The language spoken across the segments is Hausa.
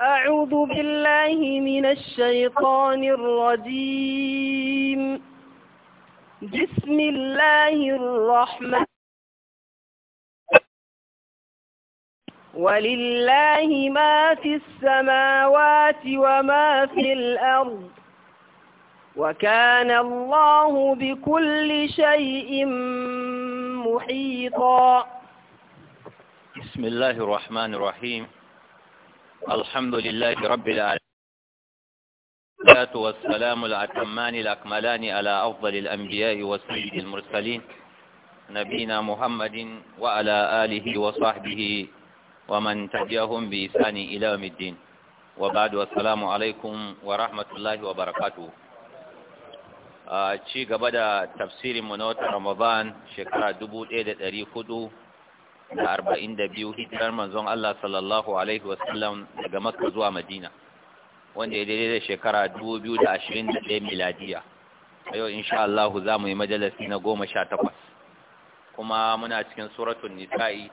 أعوذ بالله من الشيطان الرجيم بسم الله الرحمن ولله ما في السماوات وما في الأرض وكان الله بكل شيء محيطا بسم الله الرحمن الرحيم الحمد لله رب العالمين والصلاة والسلام الأتمان الأكملان على أفضل الأنبياء والسيد المرسلين نبينا محمد وعلى آله وصحبه ومن تبعهم بإحسان إلى يوم الدين وبعد والسلام عليكم ورحمة الله وبركاته ci gaba da tafsirin mu na watan Ramadan shekara 1400 da arba'in da biyu hijirar manzon Allah sallallahu Alaihi wasallam daga Makka zuwa Madina, wanda ya daidai da shekara dubu biyu da ashirin da ɗaya miladiya. A yau, insha Allah, za mu yi majalasi na goma sha takwas. Kuma muna cikin suratun Nisa'i,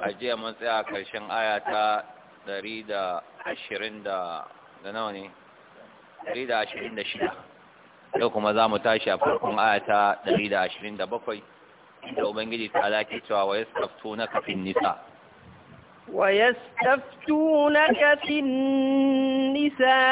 a jiya mun tsaya ƙarshen aya ta ɗari da ashirin da nawa ne? Ɗari da ashirin da shida. Yau kuma za mu tashi a farkon aya ta ɗari da ashirin da bakwai. da ubangiji ta alaki cewa wa yastaftunaka fin nisa wa yastaftunaka fin nisa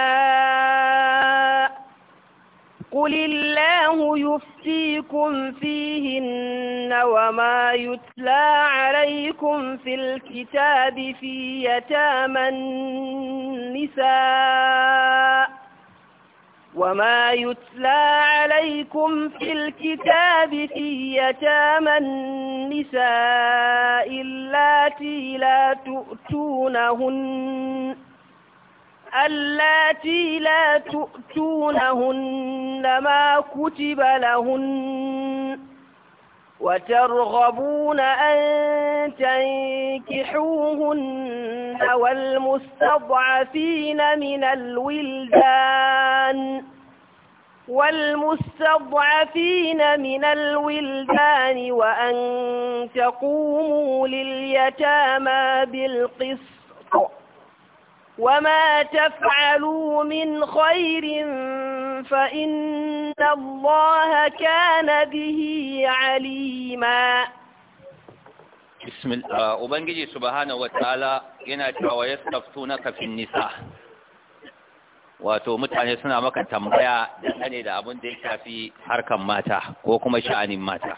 قل الله يفتيكم فيهن وما يتلى عليكم في الكتاب في يتامى النساء وما يتلى عليكم في الكتاب في يتامى النساء اللاتي لا تؤتونهن اللاتي لا تؤتونهن ما كتب لهن وترغبون أن تنكحوهن والمستضعفين من الولدان والمستضعفين من الولدان وأن تقوموا لليتامى بالقسط وما تفعلوا من خير فإن الله كان به عليما بسم الله وبنجي سبحانه وتعالى yana cewa yastaftunaka fin nisa wato mutane suna maka tambaya dangane da abin da ya shafi harkan mata ko kuma sha'anin mata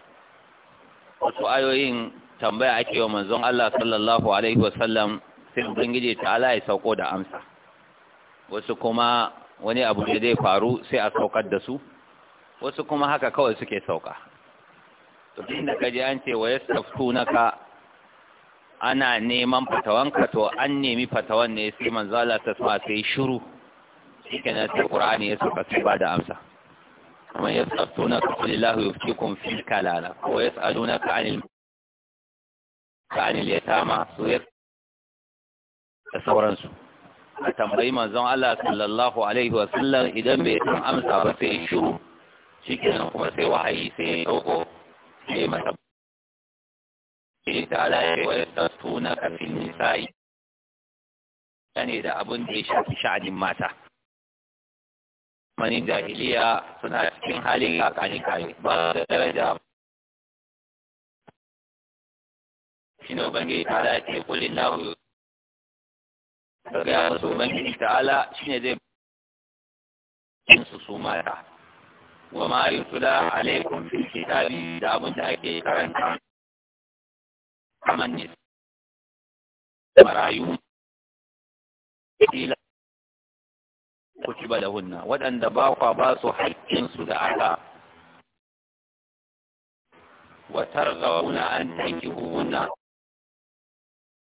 wasu ayoyin tambaya ake wa manzon Allah sallallahu alaihi wasallam sai ubangiji ta Allah ya sauko da amsa wasu kuma wani abu ne zai faru sai a saukar da su wasu kuma haka kawai suke sauka to da kaje an ce saftu naka ana neman ka to an nemi fatawan ne sai manzo Allah ta sa sai shiru shikenan sai Qur'ani ya saka sai ba da amsa amma naka lillahi yuftikum fil kalala wa yasalunaka anil kanil yatama su ya da sauransu a tambayi manzon Allah sallallahu alaihi wa sallam idan bai san amsa ba sai shiru nan kuma sai wahayi sai dogo sai mata eh, ta alaye wa yastuna ka fil nisa'i yani da abun da ya shafi sha'anin mata mani jahiliya suna cikin halin kakani kai ba da daraja shi ne ubangiji ta alaye kulillahu daga ya masu ubangiji ta'ala ne zai su su mata wa ma yutula alaikum fil kitabi da abin da ake karanta amanni marayu ila ba da hunna waɗanda ba kwa ba su haƙƙinsu da aka Watar ga targawuna an tankihu hunna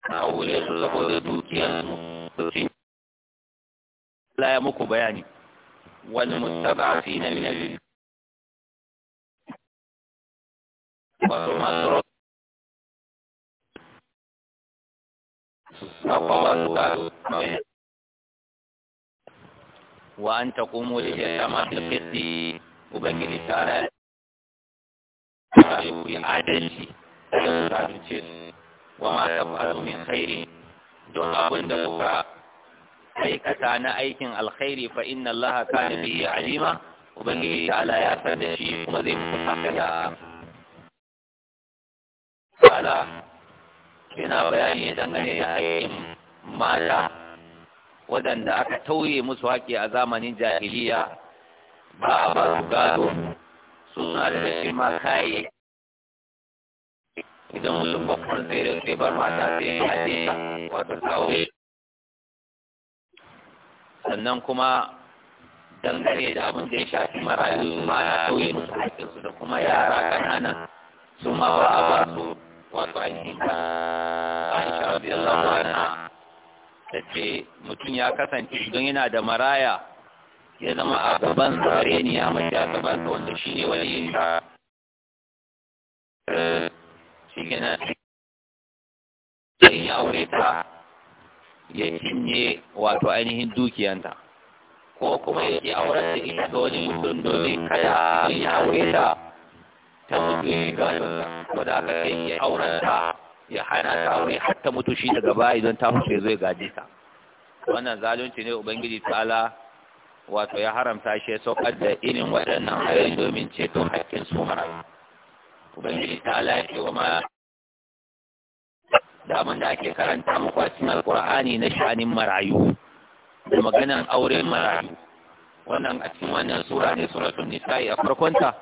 na wule su saboda dukiyarsu sosai Allah ya muku bayani wal mustaba'ina min al wa an taqumu li jama'ati qisti ubangiji ta'ala adalci da ce wa don abin da kuka aikata na aikin alkhairi fa inna Allah allaha da bihi alima ubangiji ta ala ya san da shi kuma zai muku haka da ala yana bayani dangane da aikin mata waɗanda aka tauye musu haƙƙi a zamanin jahiliya ba a ba su gado suna da shi ma kayayyaki idan wani babban sai da sai mata sai ya haɗe wato aure sannan kuma dangane da abin da ya shafi marayu ma ya sauye musu haƙƙinsu da kuma yara ƙanana su ma ba a ba su wato ainihin ka aisha radiyallahu anha ta ce mutum ya kasance don yana da maraya ya zama a gaban tsare ne ya mace a gaban wanda shi ne wani yin ta eh, cikin yana sai ya aure ta ya cinye wato ainihin dukiyanta ko kuma ya ke auren da ita ga wani mutum domin kada ya aure ta ta mutu ya gasa ko da aka kai ya auren ta ya hana ta aure har ta mutu shi daga baya idan ta mutu ya zo ya gaje ta wannan zalunci ne ubangiji ta'ala wato ya haramta shi ya saukar da irin waɗannan hayoyi domin ceton haƙƙin su haramta ubangiji ta alaƙe wa ma daman da ake karanta muku a cikin alƙur'ani na shanin marayu da maganan auren marayu wannan a cikin wannan sura ne suratul nisa'i a farkonta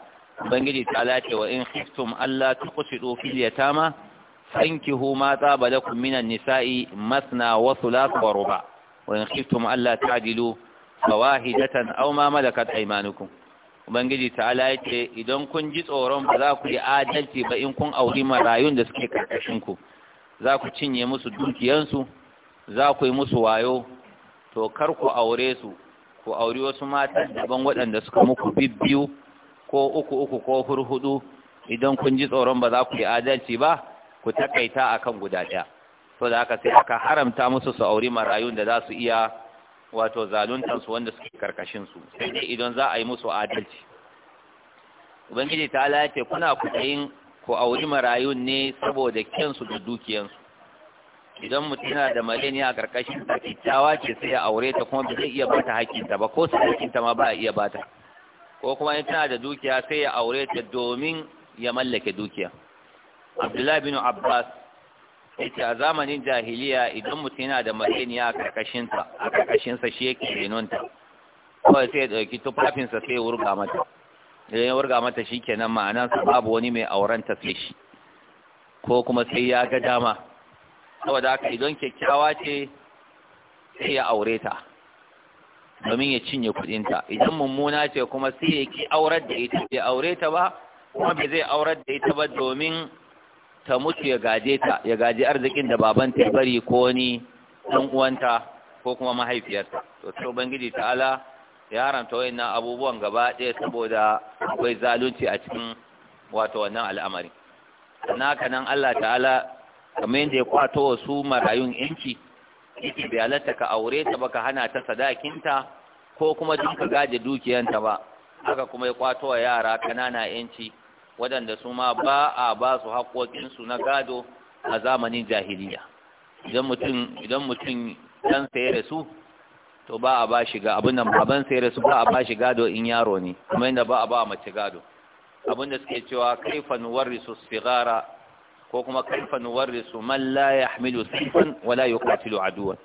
ubangiji ta alaƙe wa in khiftum alla tuqsidu fil yatama fankihu ma tsaba lakum minan nisa'i masna wa thulath wa ruba wa in khiftum alla ta'dilu fawahidatan aw ma malakat aymanukum ubangiji ta'ala ya ce idan kun ji tsoron ba za ku yi adalci ba in kun auri marayun da suke karkashinku za ku cinye musu dukiyansu za ku yi musu wayo to kar ku aure su ku auri wasu matan daban waɗanda suka muku bibbiyu ko uku uku ko hurhudu idan kun ji tsoron ba za ku yi adalci ba ku takaita akan guda ɗaya to da haka sai aka haramta musu su auri marayun da za su iya wato su wanda suke su, sai dai idan za a yi musu adalci ubangiji ta lace kuna kudayin ku auri marayun ne saboda kyansu da dukiyansu idan mutum yana da mare a karkashin ta kyakkyawa ce sai ya aure ta kuma ba zai iya bata hakinta ba ko su ta ma ba iya bata ko kuma in tana da dukiya sai ya aure ta domin ya mallake dukiya abdullahi bin abbas yace a zamanin jahiliya idan mutum yana da mareniya a karkashinsa a karkashinsa shi yake renonta kawai sai ya ɗauki tufafinsa sai wurga mata idan ya wurga mata shi kenan su babu wani mai aurenta sai shi ko kuma sai ya ga dama saboda haka idan kyakkyawa ce sai ya aure ta domin ya cinye kuɗinta idan mummuna ce kuma sai ya ki aurar da ita bai aure ta ba kuma bai zai aurar da ita ba domin ta mutu ya gaje ta ya gaje arzikin da baban ta bari ko ni dan uwanta ko kuma mahaifiyarta to ta ala ta'ala ya haramta wayannan abubuwan gaba ɗaya saboda akwai zalunci a cikin wato wannan al'amari sannan haka nan Allah ta'ala kamar yadda ya kwato wa su marayun yanki yake bai halatta ka aure ta ka hana ta sadakinta ko kuma duka gaje dukiyanta ba haka kuma ya kwato wa yara kanana yanci waɗanda su ma ba a ba su haƙoƙinsu na gado a zamanin jahiliya idan mutum idan mutum dan da su to ba a ba shi ga abin nan ban sayar da su ba a ba shi gado in yaro ne kuma inda ba a ba mace gado abin da suke cewa kaifa su sigara ko kuma kaifa nuwarrisu man la yahmilu Sifan wala yuqatilu aduwan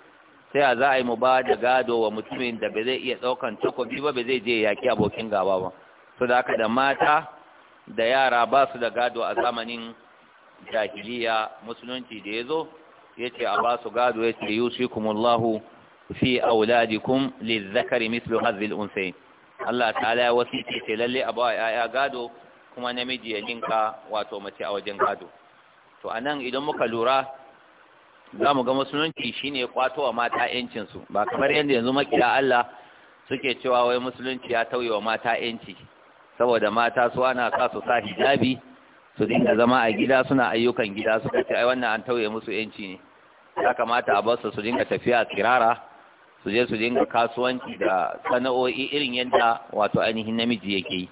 sai a za a yi mu ba da gado wa mutumin da ba zai iya ɗaukan takobi ba ba zai je yaƙi abokin gaba ba so haka da mata da yara ba su da gado a zamanin jahiliya musulunci da ya zo ya ce a ba su gado ya ce yusikumullahu fi auladikum lizzakari mislu hazil unsai Allah ta'ala ya wasu ce ce lalle a ba ya'ya gado kuma namiji ya linka wato mace a wajen gado to anan idan muka lura za mu ga musulunci shine kwato wa mata yancinsu ba kamar yadda yanzu makiya Allah suke cewa wai musulunci ya tauye wa mata yanci saboda mata su ana sa su sa hijabi su dinga zama a gida suna ayyukan gida suka ce ai wannan an tauye musu yanci ne ya kamata a bar su dinga tafiya kirara su je su dinga kasuwanci da sana'o'i irin yadda wato ainihin namiji yake yi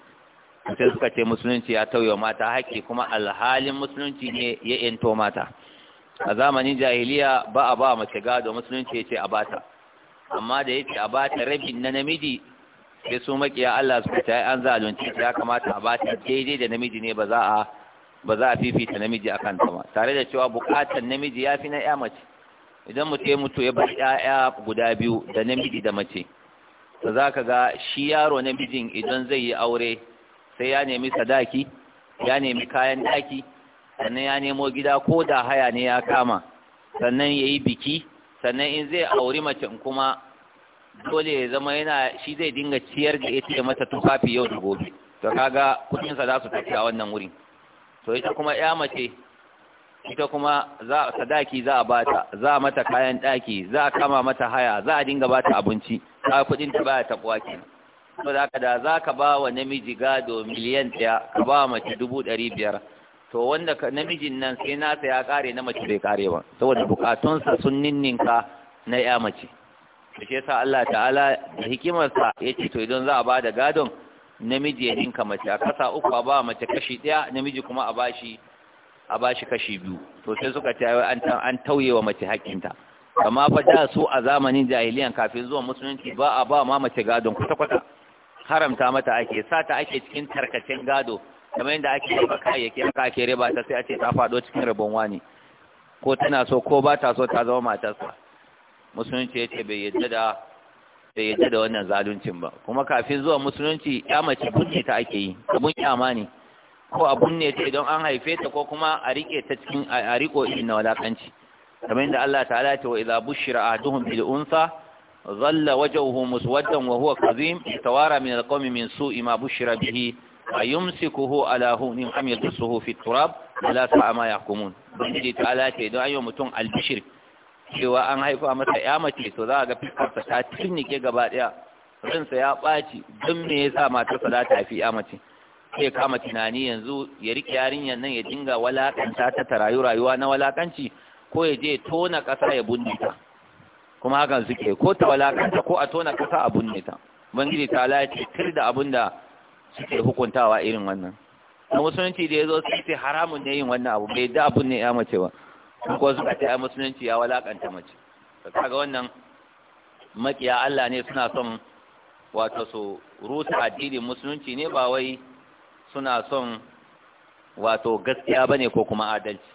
sai suka ce musulunci ya tauye mata haƙƙi kuma alhalin musulunci ne ya yanto mata a zamanin jahiliya ba a ba mace gado musulunci ya ce a bata amma da ya a bata rabin na namiji sai su makiya Allah su ta an zalunci ya kamata a bata daidai da namiji ne ba za a fifita namiji a kanta ba tare da cewa bukatar namiji ya fi na ya mace idan mutum ya mutu ya bar 'ya'ya guda biyu da namiji da mace ta za ka ga shi yaro namijin idan zai yi aure sai ya nemi sadaki ya nemi kayan daki sannan ya nemo gida ko da haya ne ya kama sannan ya yi biki sannan in zai auri mace kuma dole ya zama yana shi zai dinga ciyar da ita mata tufafi yau da gobe to kaga kudinsa za su tafi a wannan wurin to ita kuma ya mace ita kuma za sadaki za a bata za a mata kayan daki za a kama mata haya za a dinga bata abinci ka kudin ta baya tabuwa kenan to da ka da za ka ba wa namiji gado miliyan ɗaya ka ba wa mace dubu ɗari biyar to wanda ka namijin nan sai nasa ya kare na mace bai kare ba saboda bukatunsa sun ninninka na ya mace shi yasa Allah ta'ala da hikimarsa ya ce to idan za a ba da gadon namiji ya dinka mace a kasa uku a ba mace kashi ɗaya namiji kuma a bashi a bashi kashi biyu to sai suka ce an an tauye wa mace haƙƙinta amma fa da su a zamanin jahiliyan kafin zuwa musulunci ba a ba ma mace gadon kwata-kwata haramta mata ake ta ake cikin tarkacin gado kamar yadda ake yi riba kayayyaki haka ake riba ta sai a ce ta faɗo cikin rabon wani ko tana so ko ba ta so ta zama matarsa musulunci ya ce bai yadda da bai yadda da wannan zaluncin ba kuma kafin zuwa musulunci ya mace bunne ta ake yi abun kyama ne ko a bunne ta idan an haife ta ko kuma a rike ta cikin a riko na walakanci kamar yadda Allah ta'ala ta wa idza bushira ahaduhum bil unsa Zalla wajhuhu muswaddan wa huwa kadhim tawara min alqawmi min su'i ma bushira bihi ayumsikuhu ala hunin am yadsuhu fi turab ala sa'a ma yahkumun bunne ta'ala ta idan ayyo mutum albishir cewa an haifa masa ya mace to za a ga fiskarsa ta tinnike gaba ɗaya ransa ya ɓaci don me sa matarsa za ta fi ya mace sai kama tunani yanzu ya rike yarinyar nan ya dinga walakanta ta ta rayu rayuwa na walakanci ko ya je tona ƙasa ya bunne ta kuma hakan suke ko ta walakanta ko a tona ƙasa a bunne ta bangiji ta lati tir da abin da suke hukuntawa irin wannan na musulunci da ya zo sai haramun ne yin wannan abu bai da abun ne ya mace ba ko suka ce ai musulunci ya walakanta mace kaga wannan makiya Allah ne suna son wato su rusa addinin musulunci ne ba wai suna son wato gaskiya bane ko kuma adalci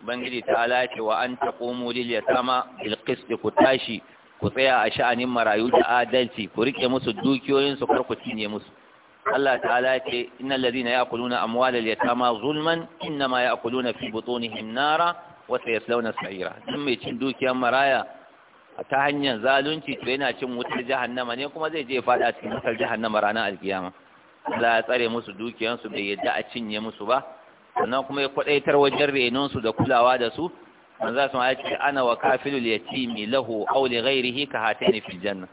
bangiji ta alaki wa an taqumu lil yatama bil qist ku tashi ku tsaya a sha'anin marayu da adalci ku rike musu dukiyoyin su karku cinye musu Allah ta'ala ce innal ladina ya'kuluna amwalal yatama zulman inma ya'kuluna fi butunihim nara wata ya launa sa'ira Sun mai cin dukiyar maraya ta hanyar zalunci to yana cin wutar jahannama ne kuma zai je fada cikin wutar jahannama ranar alkiyama Allah ya tsare musu dukiyansu bai yadda a cinye musu ba sannan kuma ya kwadaitar wajen renonsu da kulawa da su an za su ce ana wa kafilul yatimi lahu aure li ghairihi ka hatani fil janna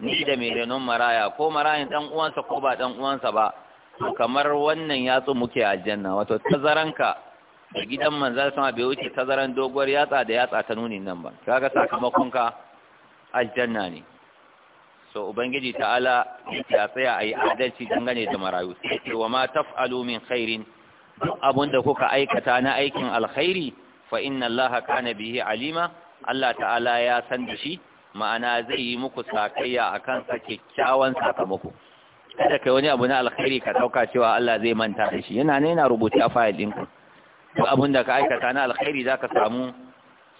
ni da mai renon maraya ko marayin dan uwansa ko ba dan uwansa ba kamar wannan yatsu muke aljanna wato tazaranka da gidan manzan sama bai wuce tazaran doguwar yatsa da yatsa ta nunin nan ba kaga sakamakon ka aljanna ne so ubangiji ta'ala ya tsaya yi adalci dangane da marayu sai wa ma taf'alu min khairin da kuka aikata na aikin alkhairi fa inna allaha kana bihi alima Allah ta'ala ya san da shi ma'ana zai yi muku sakayya akan sa kyakkyawan sakamako kada kai wani abu na alkhairi ka dauka cewa Allah zai manta da shi yana ne yana rubuta a fayil ɗinku duk abin da ka aikata na alkhairi za ka samu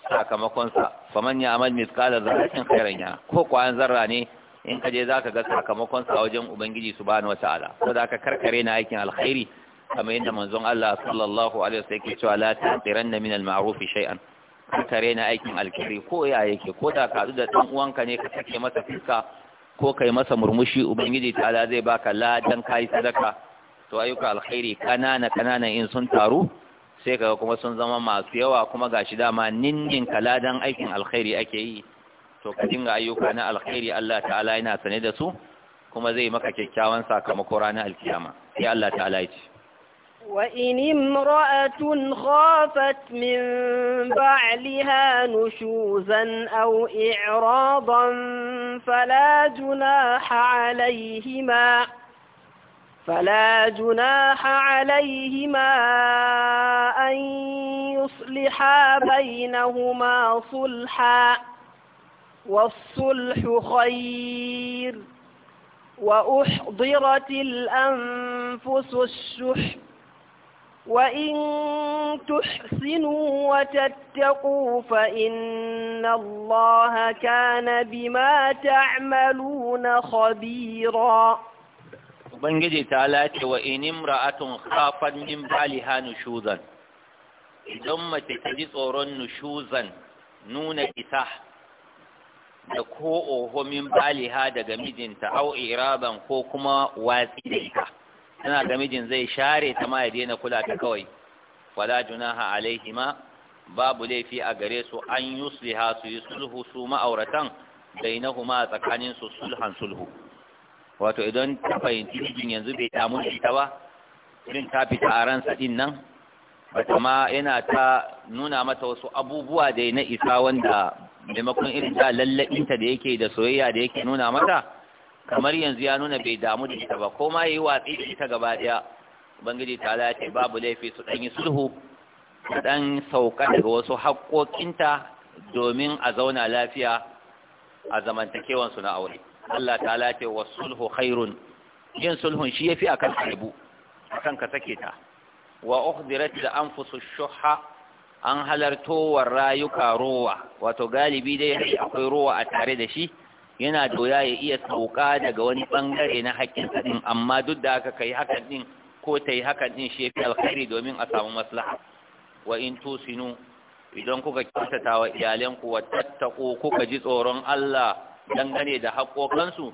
sakamakonsa faman ya amal miskala zarratin khairan ya ko kwayan zarra ne in ka je za ka ga sakamakonsa wajen ubangiji wata ala. ko da ka karkare na aikin alkhairi kamar yadda manzon Allah sallallahu alaihi wasallam yake cewa la ta'tiranna min al-ma'ruf shay'an karkare na aikin alkhairi ko ya yake ko da ka da dan uwanka ne ka take masa fuska ko kai masa murmushi ubangiji ta'ala zai baka ladan kai sadaka to ayyuka alkhairi kanana kanana in sun taru sai kaga kuma sun zama masu yawa kuma gashi dama ninnin kaladan aikin alkhairi ake yi to ka dinga ayyuka na alkhairi Allah ta'ala yana sane da su kuma zai maka kyakkyawan sakamako ranar alkiyama sai Allah ta'ala ya ce in imra'atun khafat min ba'liha nushuzan aw i'radan fala junaha alayhima فلا جناح عليهما أن يصلحا بينهما صلحا والصلح خير وأحضرت الأنفس الشح وإن تحسنوا وتتقوا فإن الله كان بما تعملون خبيراً ubangiji ta lace wa inim ra'atun khafan min baliha nushuzan idan mace ta ji tsoron nushuzan nuna isa da ko oho min baliha daga mijinta au iraban ko kuma watsi da ita tana ga mijin zai share ta ma ya daina kula ta kawai wala junaha alaihima babu laifi a gare su an yusliha su yi sulhu su ma'auratan bainahuma tsakanin su sulhan sulhu wato idan ta fahimci yanzu bai damu da ita ba irin ta fita a ransa din nan bata ma yana ta nuna mata wasu abubuwa da na isa wanda maimakon irin ta lallaɓinta da yake da soyayya da yake nuna mata kamar yanzu ya nuna bai damu da ita ba ko ma yi watsi da ita gaba ɗaya ubangiji ta ala ce babu laifi su ɗan yi sulhu su ɗan sauka daga wasu haƙƙoƙinta domin a zauna lafiya a zamantakewansu na aure Allah ta ce wa sulhu khairun yin sulhun shi yafi akan kaibu akan ka sake ta wa uhdirat an anfusu shuha an halarto rayuka rowa wato galibi dai akwai rowa a tare da shi yana doya ya iya sauka daga wani bangare na haƙƙin din amma duk da haka kai hakan din ko ta yi hakan din shi yafi alkhairi domin a samu maslaha wa in tusinu idan kuka kyautata wa iyalanku wa tattako kuka ji tsoron Allah dangane da haƙoƙansu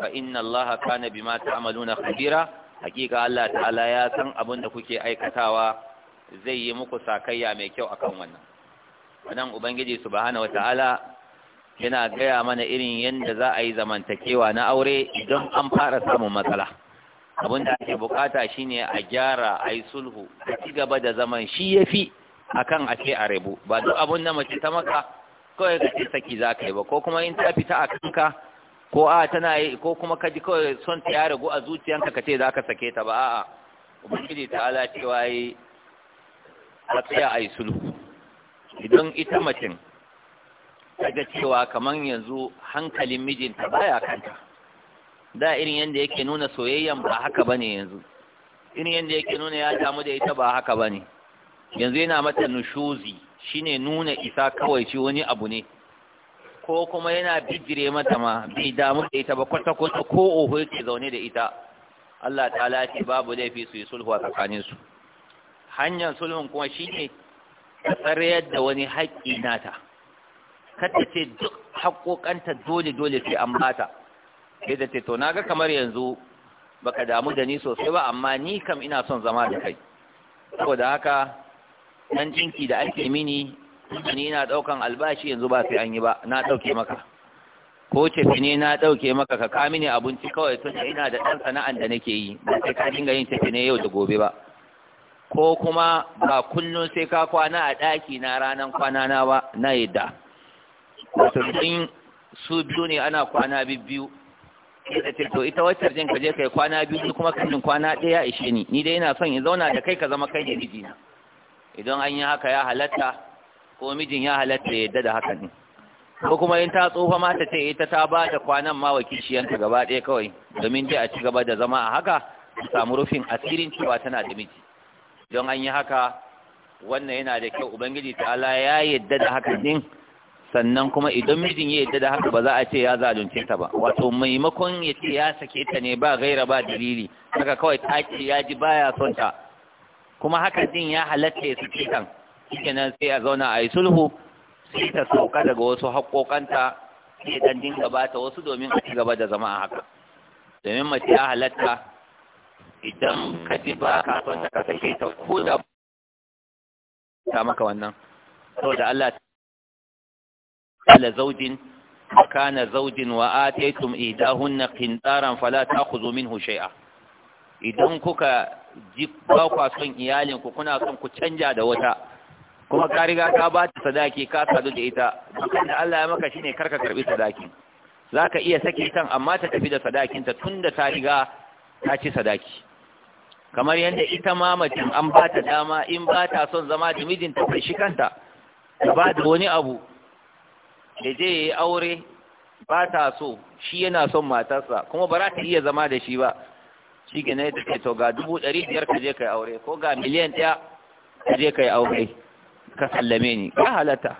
fa inna Allah kana bima ta'maluna khabira hakika Allah ta'ala ya san abin da kuke aikatawa zai yi muku sakayya mai kyau akan wannan wannan ubangiji subhanahu wataala yana gaya mana irin yadda za a yi zamantakewa na aure idan an fara samun matsala abin da ake bukata shine a gyara a yi sulhu a ci gaba da zaman shi ya fi a kan a ce a rebu ba duk abin da mace ta maka kawai ka ce saki za ka yi ba ko kuma in ta fita a kanka ko a tana yi ko kuma ka ji kawai son ta ya ragu a zuciyanka ka ce za ka sake ta ba a'a ubangiji ta ala cewa yi a tsaya a yi sulhu idan ita macin ga cewa kamar yanzu hankalin mijinta baya kanta da irin yadda yake nuna soyayyan ba haka ba ne yanzu irin yadda yake nuna ya damu da ita ba haka ba ne. yanzu yana mata nushuzi shine nuna isa kawai shi wani abu ne ko kuma yana bijire mata ma bai damu da ita ba kwata kwata ko oho yake zaune da ita Allah ta'ala ce babu laifi su yi sulhu a tsakanin su hanyar sulhun kuma shine tsariyar da wani haƙƙi nata kada ce duk haƙoƙanta dole dole sai an bata sai da ce to ga kamar yanzu baka damu da ni sosai ba amma ni kam ina son zama da kai saboda haka dan jinki da ake mini ni na daukan albashi yanzu ba sai an yi ba na dauke maka ko tafi ne na dauke maka ka kami ne abinci kawai tun ina da dan sana'an da nake yi ba sai ka dinga yin tafi ne yau da gobe ba ko kuma ba kullun sai ka kwana a daki na ranan kwana na ba na yadda wato din su biyu ne ana kwana biyu to ita wacce jin ka je kai kwana biyu kuma kan kwana ɗaya ishe ni ni dai ina son in zauna da kai ka zama kai ne mijina idan an yi haka ya halatta ko mijin ya halatta ya yadda da haka ne ko kuma in ta tsofa mata ce ita ta ba da kwanan ma wakilciyanta gaba ɗaya kawai domin dai a ci gaba da zama a haka samu rufin asirin cewa tana da miji don an yi haka wannan yana da kyau ubangiji ta'ala ya yadda da haka din sannan kuma idan mijin ya yadda da haka ba za a ce ya zalunce ta ba wato maimakon ya ce ya sake ta ne ba gaira ba dalili haka kawai ta ce ya ji baya son ta kuma haka din ya halatta ya suke kan kenan sai a zauna a yi sulhu sai ta sauka daga wasu haƙoƙanta sai dan dinga ba ta wasu domin a ci gaba da zama a haka domin mace ya halatta idan ka ji ba ka son ta kasance ta ko da ta maka wannan saboda Allah Ta zaujin kana zaujin wa ataytum idahunna qintaran fala ta'khudhu minhu shay'a idan kuka ji ba son iyalin ku kuna son ku canja da wata kuma ka riga ka ba ta sadaki ka sadu da ita dukan da Allah ya maka shine karka karbi sadakin zaka iya saki kan amma ta tafi da sadakin ta tunda ta riga ta ci sadaki kamar yadda ita ma mutum an ba ta dama in ba ta son zama da mijinta ta shi kanta ta ba da wani abu da je aure ba ta so shi yana son matarsa kuma ba za ta iya zama da shi ba shi ke ne take to ga dubu ɗari biyar ka je ka yi aure ko ga miliyan ɗaya ka je ka yi aure ka sallame ni ka halatta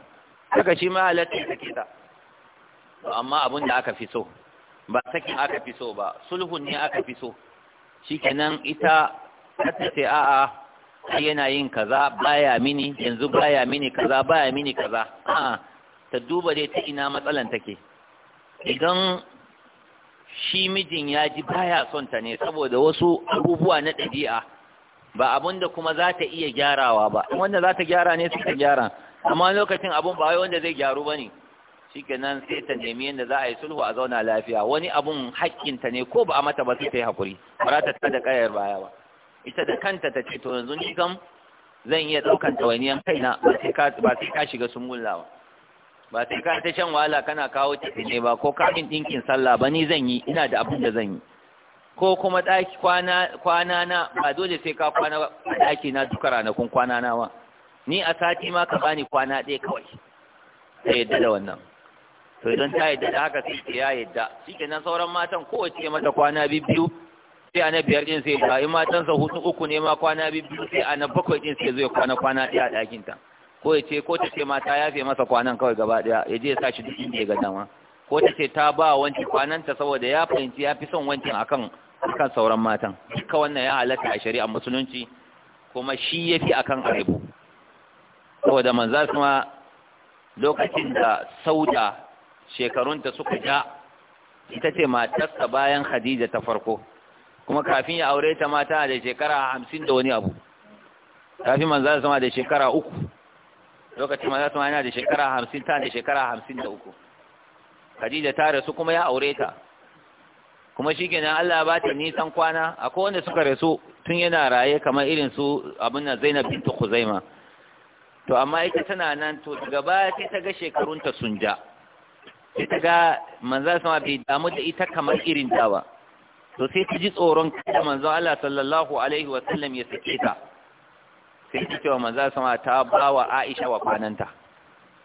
haka shi ma halatta ya sake ta to amma abin da aka fi so ba sakin aka fi so ba sulhun ne aka fi so shi kenan ita ta ce a'a yana yin kaza baya mini yanzu baya mini kaza baya mini kaza a'a ta duba dai ta ina matsalan take idan shi mijin ya ji baya son ta ne saboda wasu abubuwa na ɗabi'a ba abun da kuma za ta iya gyarawa ba wanda za ta gyara ne suka gyara amma lokacin abun ba wanda zai gyaru ba ne shikenan sai ta nemi yadda za a yi sulhu a zauna lafiya wani abun haƙƙinta ne ko ba a mata ba sai ta yi haƙuri ba za ta da ƙayar baya ba ita da kanta ta ce to yanzu ni kam zan iya ɗaukan ɗawainiyan kaina ba sai ka shiga sun ba ba sai ka ta shan wahala kana kawo tafi ne ba ko kafin ɗinkin sallah ba ni zan yi ina da abin da zan yi ko kuma daki kwana na ba dole sai ka kwana a ɗaki na duka ranakun kwana na ba ni a sati ma ka bani kwana ɗaya kawai ta yadda da wannan to idan ta yadda da haka sai ya yadda shi kenan sauran matan kowace mata kwana biyu sai a na biyar ɗin sai ba in matansa hutu uku ne ma kwana biyu sai a na bakwai ɗin sai zai kwana kwana ɗaya a ɗakinta. ta ko ya ce ko ta ce mata ya fi masa kwanan kawai gaba daya ya je ya sa shi duk inda ya ga dama ko ta ce ta ba wanci kwananta saboda ya fahimci ya fi son wanci akan akan sauran matan duka wannan ya halatta a shari'a musulunci kuma shi ya fi akan aibu saboda su ma lokacin da sauda shekarunta suka ja ita ce matarsa bayan hadija ta farko kuma kafin ya aure ta mata da shekara hamsin da wani abu kafin man za su ma da shekara uku lokacin maza su yana da shekara hamsin ta da shekara hamsin da uku khadija ta rasu kuma ya aure ta kuma shi nan allah ba ta nisan kwana akwai wanda suka rasu tun yana raye kamar irin su abin nan zainab bintu khuzaima to amma ita tana nan to daga baya sai ta ga shekarunta sun ja sai ta ga manzo sama bai damu da ita kamar irin ta ba to sai ta ji tsoron kada manzo Allah sallallahu alaihi wa sallam ya sake ta sai ta cewa manzo sama ta ba wa Aisha wa kwananta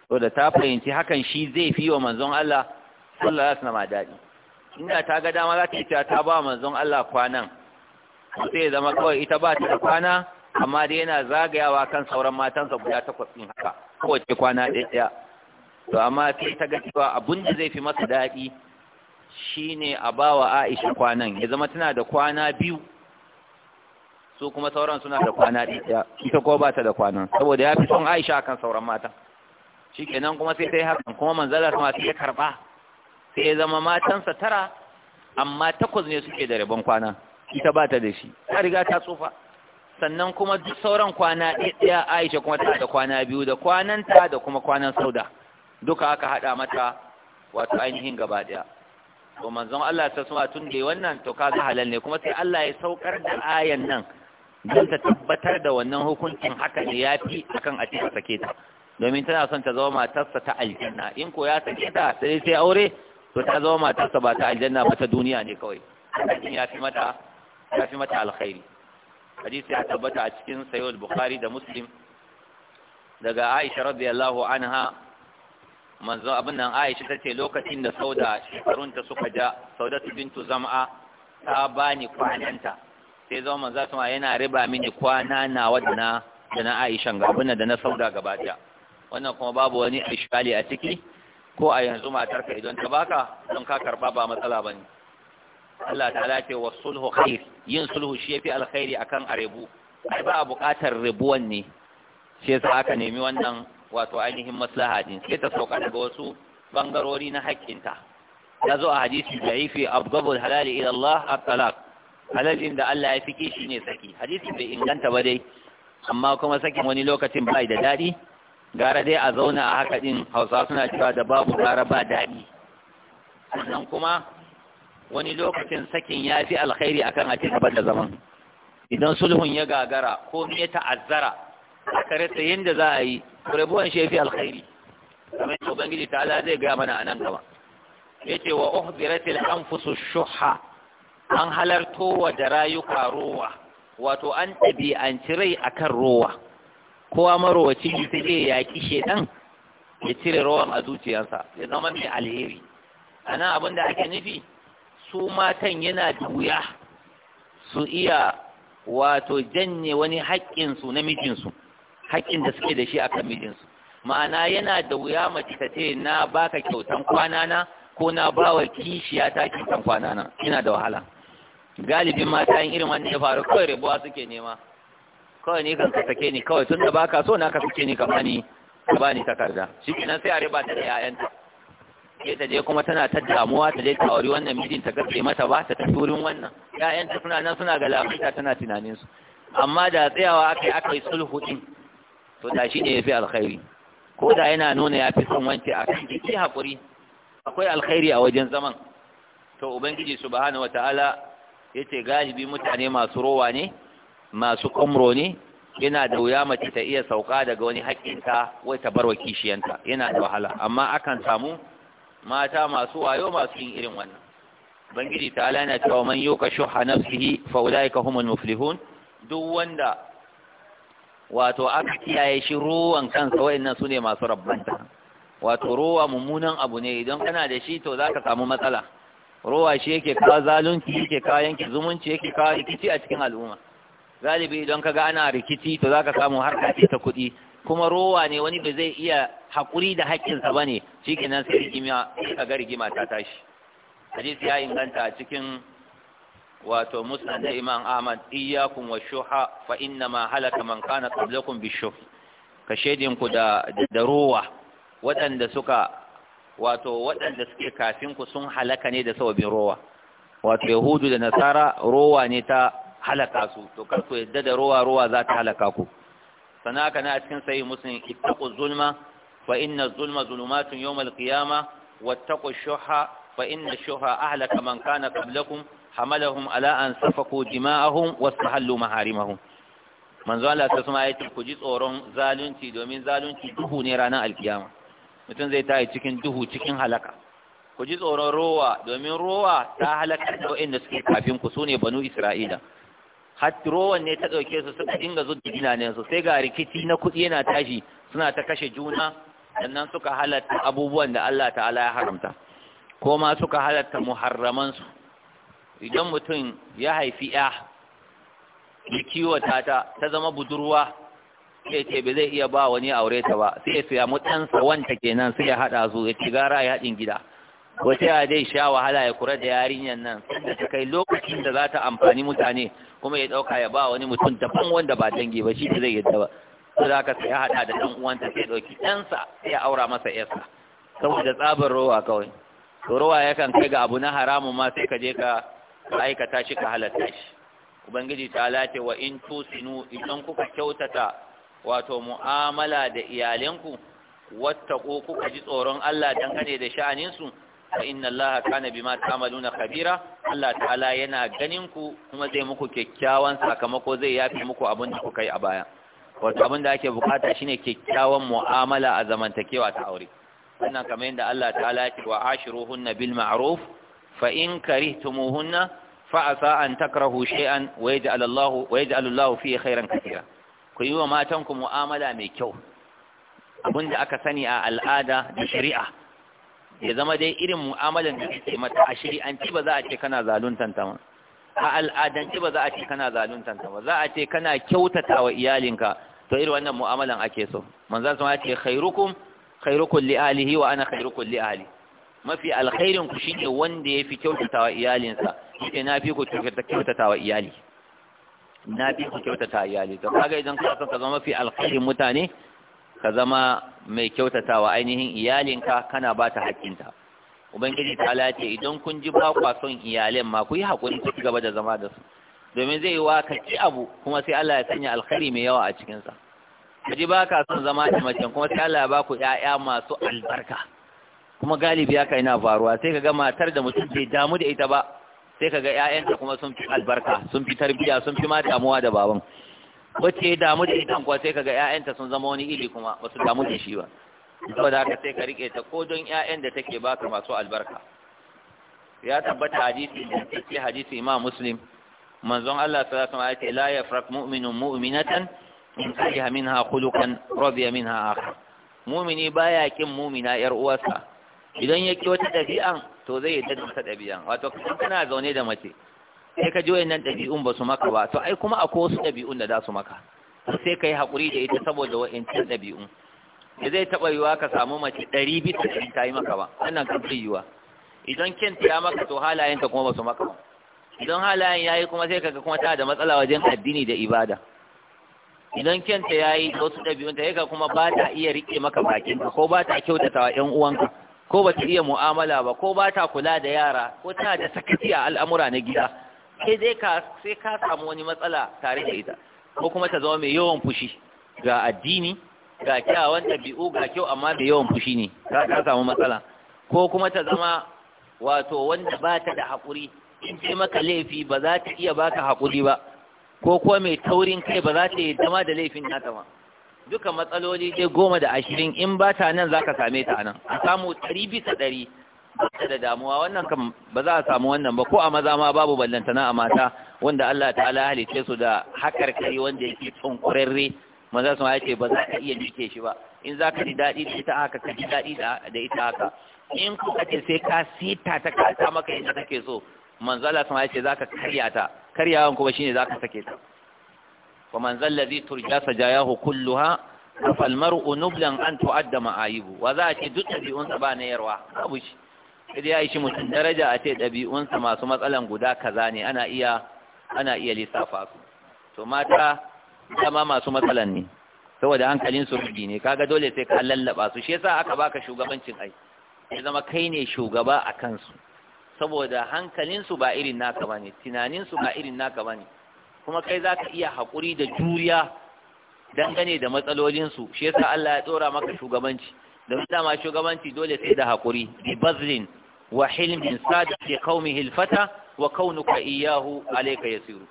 to da ta fahimci hakan shi zai fi wa manzon Allah sallallahu alaihi wasallam dadi inda ta ga dama za ta ce ta ba manzon Allah kwanan sai zama kawai ita ba ta kwana amma dai yana zagayawa kan sauran matansa guda takwas din haka kowace kwana ɗaya to amma sai ta ga cewa abun da zai fi masa daɗi shine a ba wa Aisha kwanan ya zama tana da kwana biyu su kuma sauran suna da kwana ɗaya ita ko ba ta da kwana saboda ya fi son aisha akan sauran mata kenan kuma sai ta yi hakan kuma manzala kuma sai ya karɓa sai ya zama matansa tara amma takwas ne suke da rabon kwana ita ba ta da shi ta riga ta tsufa sannan kuma duk sauran kwana ɗaya aisha kuma ta da kwana biyu da kwananta da kuma kwanan sauda duka aka haɗa mata wato ainihin gaba ɗaya to manzon Allah ta suma tun da wannan to kaga halal ne kuma sai Allah ya saukar da ayan nan don ta tabbatar da wannan hukuncin haka ne ya fi ake a cikin sake ta domin tana son ta zama matarsa ta aljanna in ko ya sake ta sai sai aure to ta zama matarsa ba ta aljanna ba ta duniya ne kawai hadisin ya fi mata ya fi mata alkhairi hadisi ya tabbata a cikin sayyid bukhari da muslim daga aisha radiyallahu anha manzo abin nan aisha tace lokacin da sauda shekarunta suka ja saudatu bintu zam'a ta bani kwananta sai zama manzo sama yana riba mini kwana nawa da na da na Aisha gabana da na Sauda gaba wannan kuma babu wani ishkali a ciki ko a yanzu matarka idan ta baka don ka karba ba matsala bane Allah ta'ala ce wa sulhu khair yin sulhu shi yafi alkhairi akan arebu ai ba a buƙatar rabuwan ne sai sa aka nemi wannan wato ainihin maslaha din sai ta sauka daga wasu bangarori na hakkinta ya zo a hadisi da yafi abgabul halali ila Allah at-talaq halalin da Allah ya fi shi ne saki hadisi bai inganta ba dai amma kuma sakin wani lokacin bai da daɗi gara dai a zauna a haka ɗin hausa suna cewa da babu gara ba daɗi sannan kuma wani lokacin sakin ya fi alkhairi akan a ci da zaman idan sulhun ya gagara ko ya ta'azzara kare rasa yadda za a yi rabuwan shi ya fi alkhairi kamar yadda ubangiji ta zai gaya mana a nan gaba ya ce wa uhbiratil anfusu shuhha an halarto wa da rayuka rowa wato an ɗabi'anci rai kan rowa kowa marowaci ne sai dai ya ki shedan ya cire rowan a zuciyarsa ya zama mai alheri A nan abin da ake nufi su matan yana da wuya su iya wato janye wani haƙƙinsu na mijinsu haƙƙin da suke da shi akan mijinsu ma'ana yana da wuya mace ta ce na baka kyautan kwanana ko na bawa kishiya ta kyautan kwanana yana da wahala galibin mata yin irin wannan ya faru kawai rabuwa suke nema kawai ne kan ka sake ni kawai tun da baka so na ka sake ni kamar ni ka bani takarda shi nan sai a riba ta da 'ya'yanta sai ta je kuma tana ta damuwa ta je ta auri wannan mijin ta gaske mata ba ta tafi wurin wannan ƴaƴanta suna nan suna ga lafiya tana tunanin su amma da tsayawa aka yi aka yi sulhu din to da shi ne fi alkhairi ko da yana nuna ya fi son wance a kan jiki hakuri akwai alkhairi a wajen zaman to ubangiji subhanahu wataala Ya ce galibi mutane masu rowa ne masu kumro ne yana da wuya mace ta iya sauka daga wani haƙƙinta wai ta barwa kishiyanta yana da wahala amma akan samu mata masu wayo masu yin irin wannan bangiji ta ala yana cewa man yuka shuha nafsihi fa ka humul muflihun duk wanda wato aka kiyaye shi ruwan kansa nan su ne masu rabbanta wato ruwa mummunan abu ne idan kana da shi to ka samu matsala rowa shi yake ka zalunci yake ka yanki zumunci yake ka rikici a cikin al'umma galibi idan kaga ana rikici to zaka samu harka ce ta kuɗi kuma rowa ne wani ba zai iya haƙuri da haƙƙinsa ba ne shi sai rigima ka ga rigima ta tashi hadisi ya inganta a cikin wato musnad da imam ahmad iyyakum wa shuha fa inna ma halaka man kana qablakum bi shuh ku da da rowa waɗanda suka wato waɗanda suke kafin ku sun halaka ne da sababin rowa wato yahudu da nasara rowa ne ta halaka su to kar ku yadda da rowa rowa za ta halaka ku sana haka na cikin sayi muslim ittaqu zulma fa inna zulma zulumatun yawm al wattaqu shuha fa inna shuha ahlaka man kana qablakum hamalahum ala an safaku jima'ahum wastahallu maharimahum manzo Allah ta suma yace ku ji tsoron zalunci domin zalunci duhu ne ranar alkiyama mutum zai tayi cikin duhu cikin halaka ku ji tsoron rowa domin rowa ta halaka da da suke kafin ku Su ne banu isra'ila hatta rowan ne ta ɗauke su suka dinga zuddi dinanen su sai ga rikici na kuɗi yana tashi suna ta kashe juna sannan suka halatta abubuwan da Allah ta'ala ya haramta ko ma suka halatta su idan mutum ya haifi ya ya kiwata ta zama budurwa sai ce ba zai iya ba wani aure ta ba sai ya siya, mutansa wanta kenan sai ya haɗa su ya ci gara ya haɗin gida wace ya dai sha wahala ya kura da yarinyar nan da ta kai lokacin da za ta amfani mutane kuma ya ɗauka ya ba wani mutum daban wanda ba dangi ba shi da zai yadda ba su za ka sai haɗa da ɗan uwanta sai ɗauki ɗansa sai ya aura masa yarsa saboda tsabar rowa kawai to rowa yakan kai ga abu na haramun ma sai ka je ka aikata shi ka halatta shi ubangiji ta lace wa in tusinu idan kuka kyautata wato mu'amala da iyalanku wattaqu kuka ji tsoron Allah dan dangane da sha'anin su fa inna Allah kana bima ta'maluna khabira Allah ta'ala yana ganin ku kuma zai muku kyakkyawan sakamako zai yafi muku abin da kuka yi a baya wato abin da ake bukata shine kyakkyawan mu'amala a zamantakewa ta aure wannan kamar yadda Allah ta'ala ya ce wa ashiruhunna bil ma'ruf fa in karihtumuhunna fa asa an takrahu shay'an wa yaj'al wa yaj'al fihi khairan katira ku yi wa matanku mu'amala mai kyau abin da aka sani a al'ada da shari'a ya zama dai irin mu'amalan da kake mata a shari'anci ba za a ce kana zaluntanta ba a al'adanci ba za a ce kana zaluntanta ba za a ce kana kyautata wa iyalinka to irin wannan mu'amalan ake so manzon sama ya ce khairukum khairukum li alihi wa ana khairukum li ahli mafi alkhairin ku shine wanda yafi kyautata wa iyalinsa shine na fi ku kyautata wa iyali na fi ku kyautata iyali to kaga idan ka son ka zama mafi alkhairin mutane ka zama mai kyautatawa ainihin iyalin ka kana ba ta hakkinta ubangiji ta ce idan kun ji ba kwa son iyalen ma ku yi haƙuri ku ci gaba da zama da su domin zai yi wa ki abu kuma sai Allah ya sanya alkhairi mai yawa a cikinsa Ku ji ba ka son zama da mace kuma sai Allah ya ba ku ƴaƴa masu albarka kuma galibi kai na faruwa sai ka ga matar da mutum bai damu da ita ba sai kaga ƴaƴanta kuma sun fi albarka sun fi tarbiya sun fi ma damuwa da baban wacce ya damu da ita kuwa sai kaga ƴaƴanta sun zama wani ili kuma ba su damu da shi ba saboda haka sai ka rike ta ko don ƴaƴan da take baka masu albarka ya tabbata hadisi da take hadisi Imam Muslim manzon Allah sallallahu alaihi wasallam ya ce la yafraq mu'minun mu'minatan in kariha minha khuluqan radiya minha akhar mu'mini baya kin mu'mina yar uwarsa idan yake wata dabi'an to zai yi dadin ta ɗabi'an wato kan kana zaune da mace sai ka ji nan ɗabi'un ba su maka ba to ai kuma akwai wasu ɗabi'un da za su maka sai ka yi haƙuri da ita saboda wayancan ɗabi'un da zai taɓa yiwa ka samu mace ɗari bisa ɗari ta yi maka ba wannan kan fi yiwa idan kenta ya maka to halayenta kuma ba su maka ba idan halayen ya yi kuma sai kaga kuma ta da matsala wajen addini da ibada idan kenta ya yi wasu ɗabi'unta ya ka kuma ba ta iya riƙe maka bakinka ko ba ta kyautata wa ‘yan uwanka ko ba ta iya mu'amala ba ko ba ta kula da yara ko tana da sakaci a al'amura na gida sai dai ka sai ka samu wani matsala tare da ita ko kuma ta zama mai yawan fushi ga addini ga kyawun ɗabi'u ga kyau amma da yawan fushi ne ka ka samu matsala ko kuma ta zama wato wanda ba ta da haƙuri in ce maka laifi ba za ta iya baka hakuri ba ko kuma mai taurin kai ba za ta yi dama da laifin nata ba duka matsaloli dai goma da ashirin in ba ta nan za ka same ta nan a samu ɗari bisa ɗari da damuwa wannan kan ba za a samu wannan ba ko a maza ma babu ballantana a mata wanda Allah ta'ala halice su da haƙarƙari wanda yake kurarre maza su ce ba za ka iya jike shi ba in za ka ji daɗi da ita haka ka ji daɗi da ita haka in kuka ce sai ka sita ta ka maka yadda kake so manzala sama ya ce za ka karya ta karyawan kuma shine za ka sake ta ومن ذا الذي ترجى سجاياه كلها فالمرء نبلا أن تؤدى معايبه وذاك دت بأنس بان يروى أبوش إذا يعيش متن درجة أتيت بأنس ما سمت ألم قدا كذاني أنا إيا أنا إيا لسافاك ce أتى masu matsalan ne saboda hankalin su rubi ne kaga dole sai ka lallaba su shi yasa aka baka shugabancin ai ya zama kai ne shugaba a kansu saboda hankalin su ba irin naka bane tunanin su ba irin naka bane kuma kai za ka iya haƙuri da juriya dangane da matsalolinsu shi yasa Allah ya tsora maka shugabanci Da domin dama shugabanci dole sai da haƙuri bi bazlin wa hilmin sadi ke kaumi hilfata wa kaunuka iyyahu alayka yasiru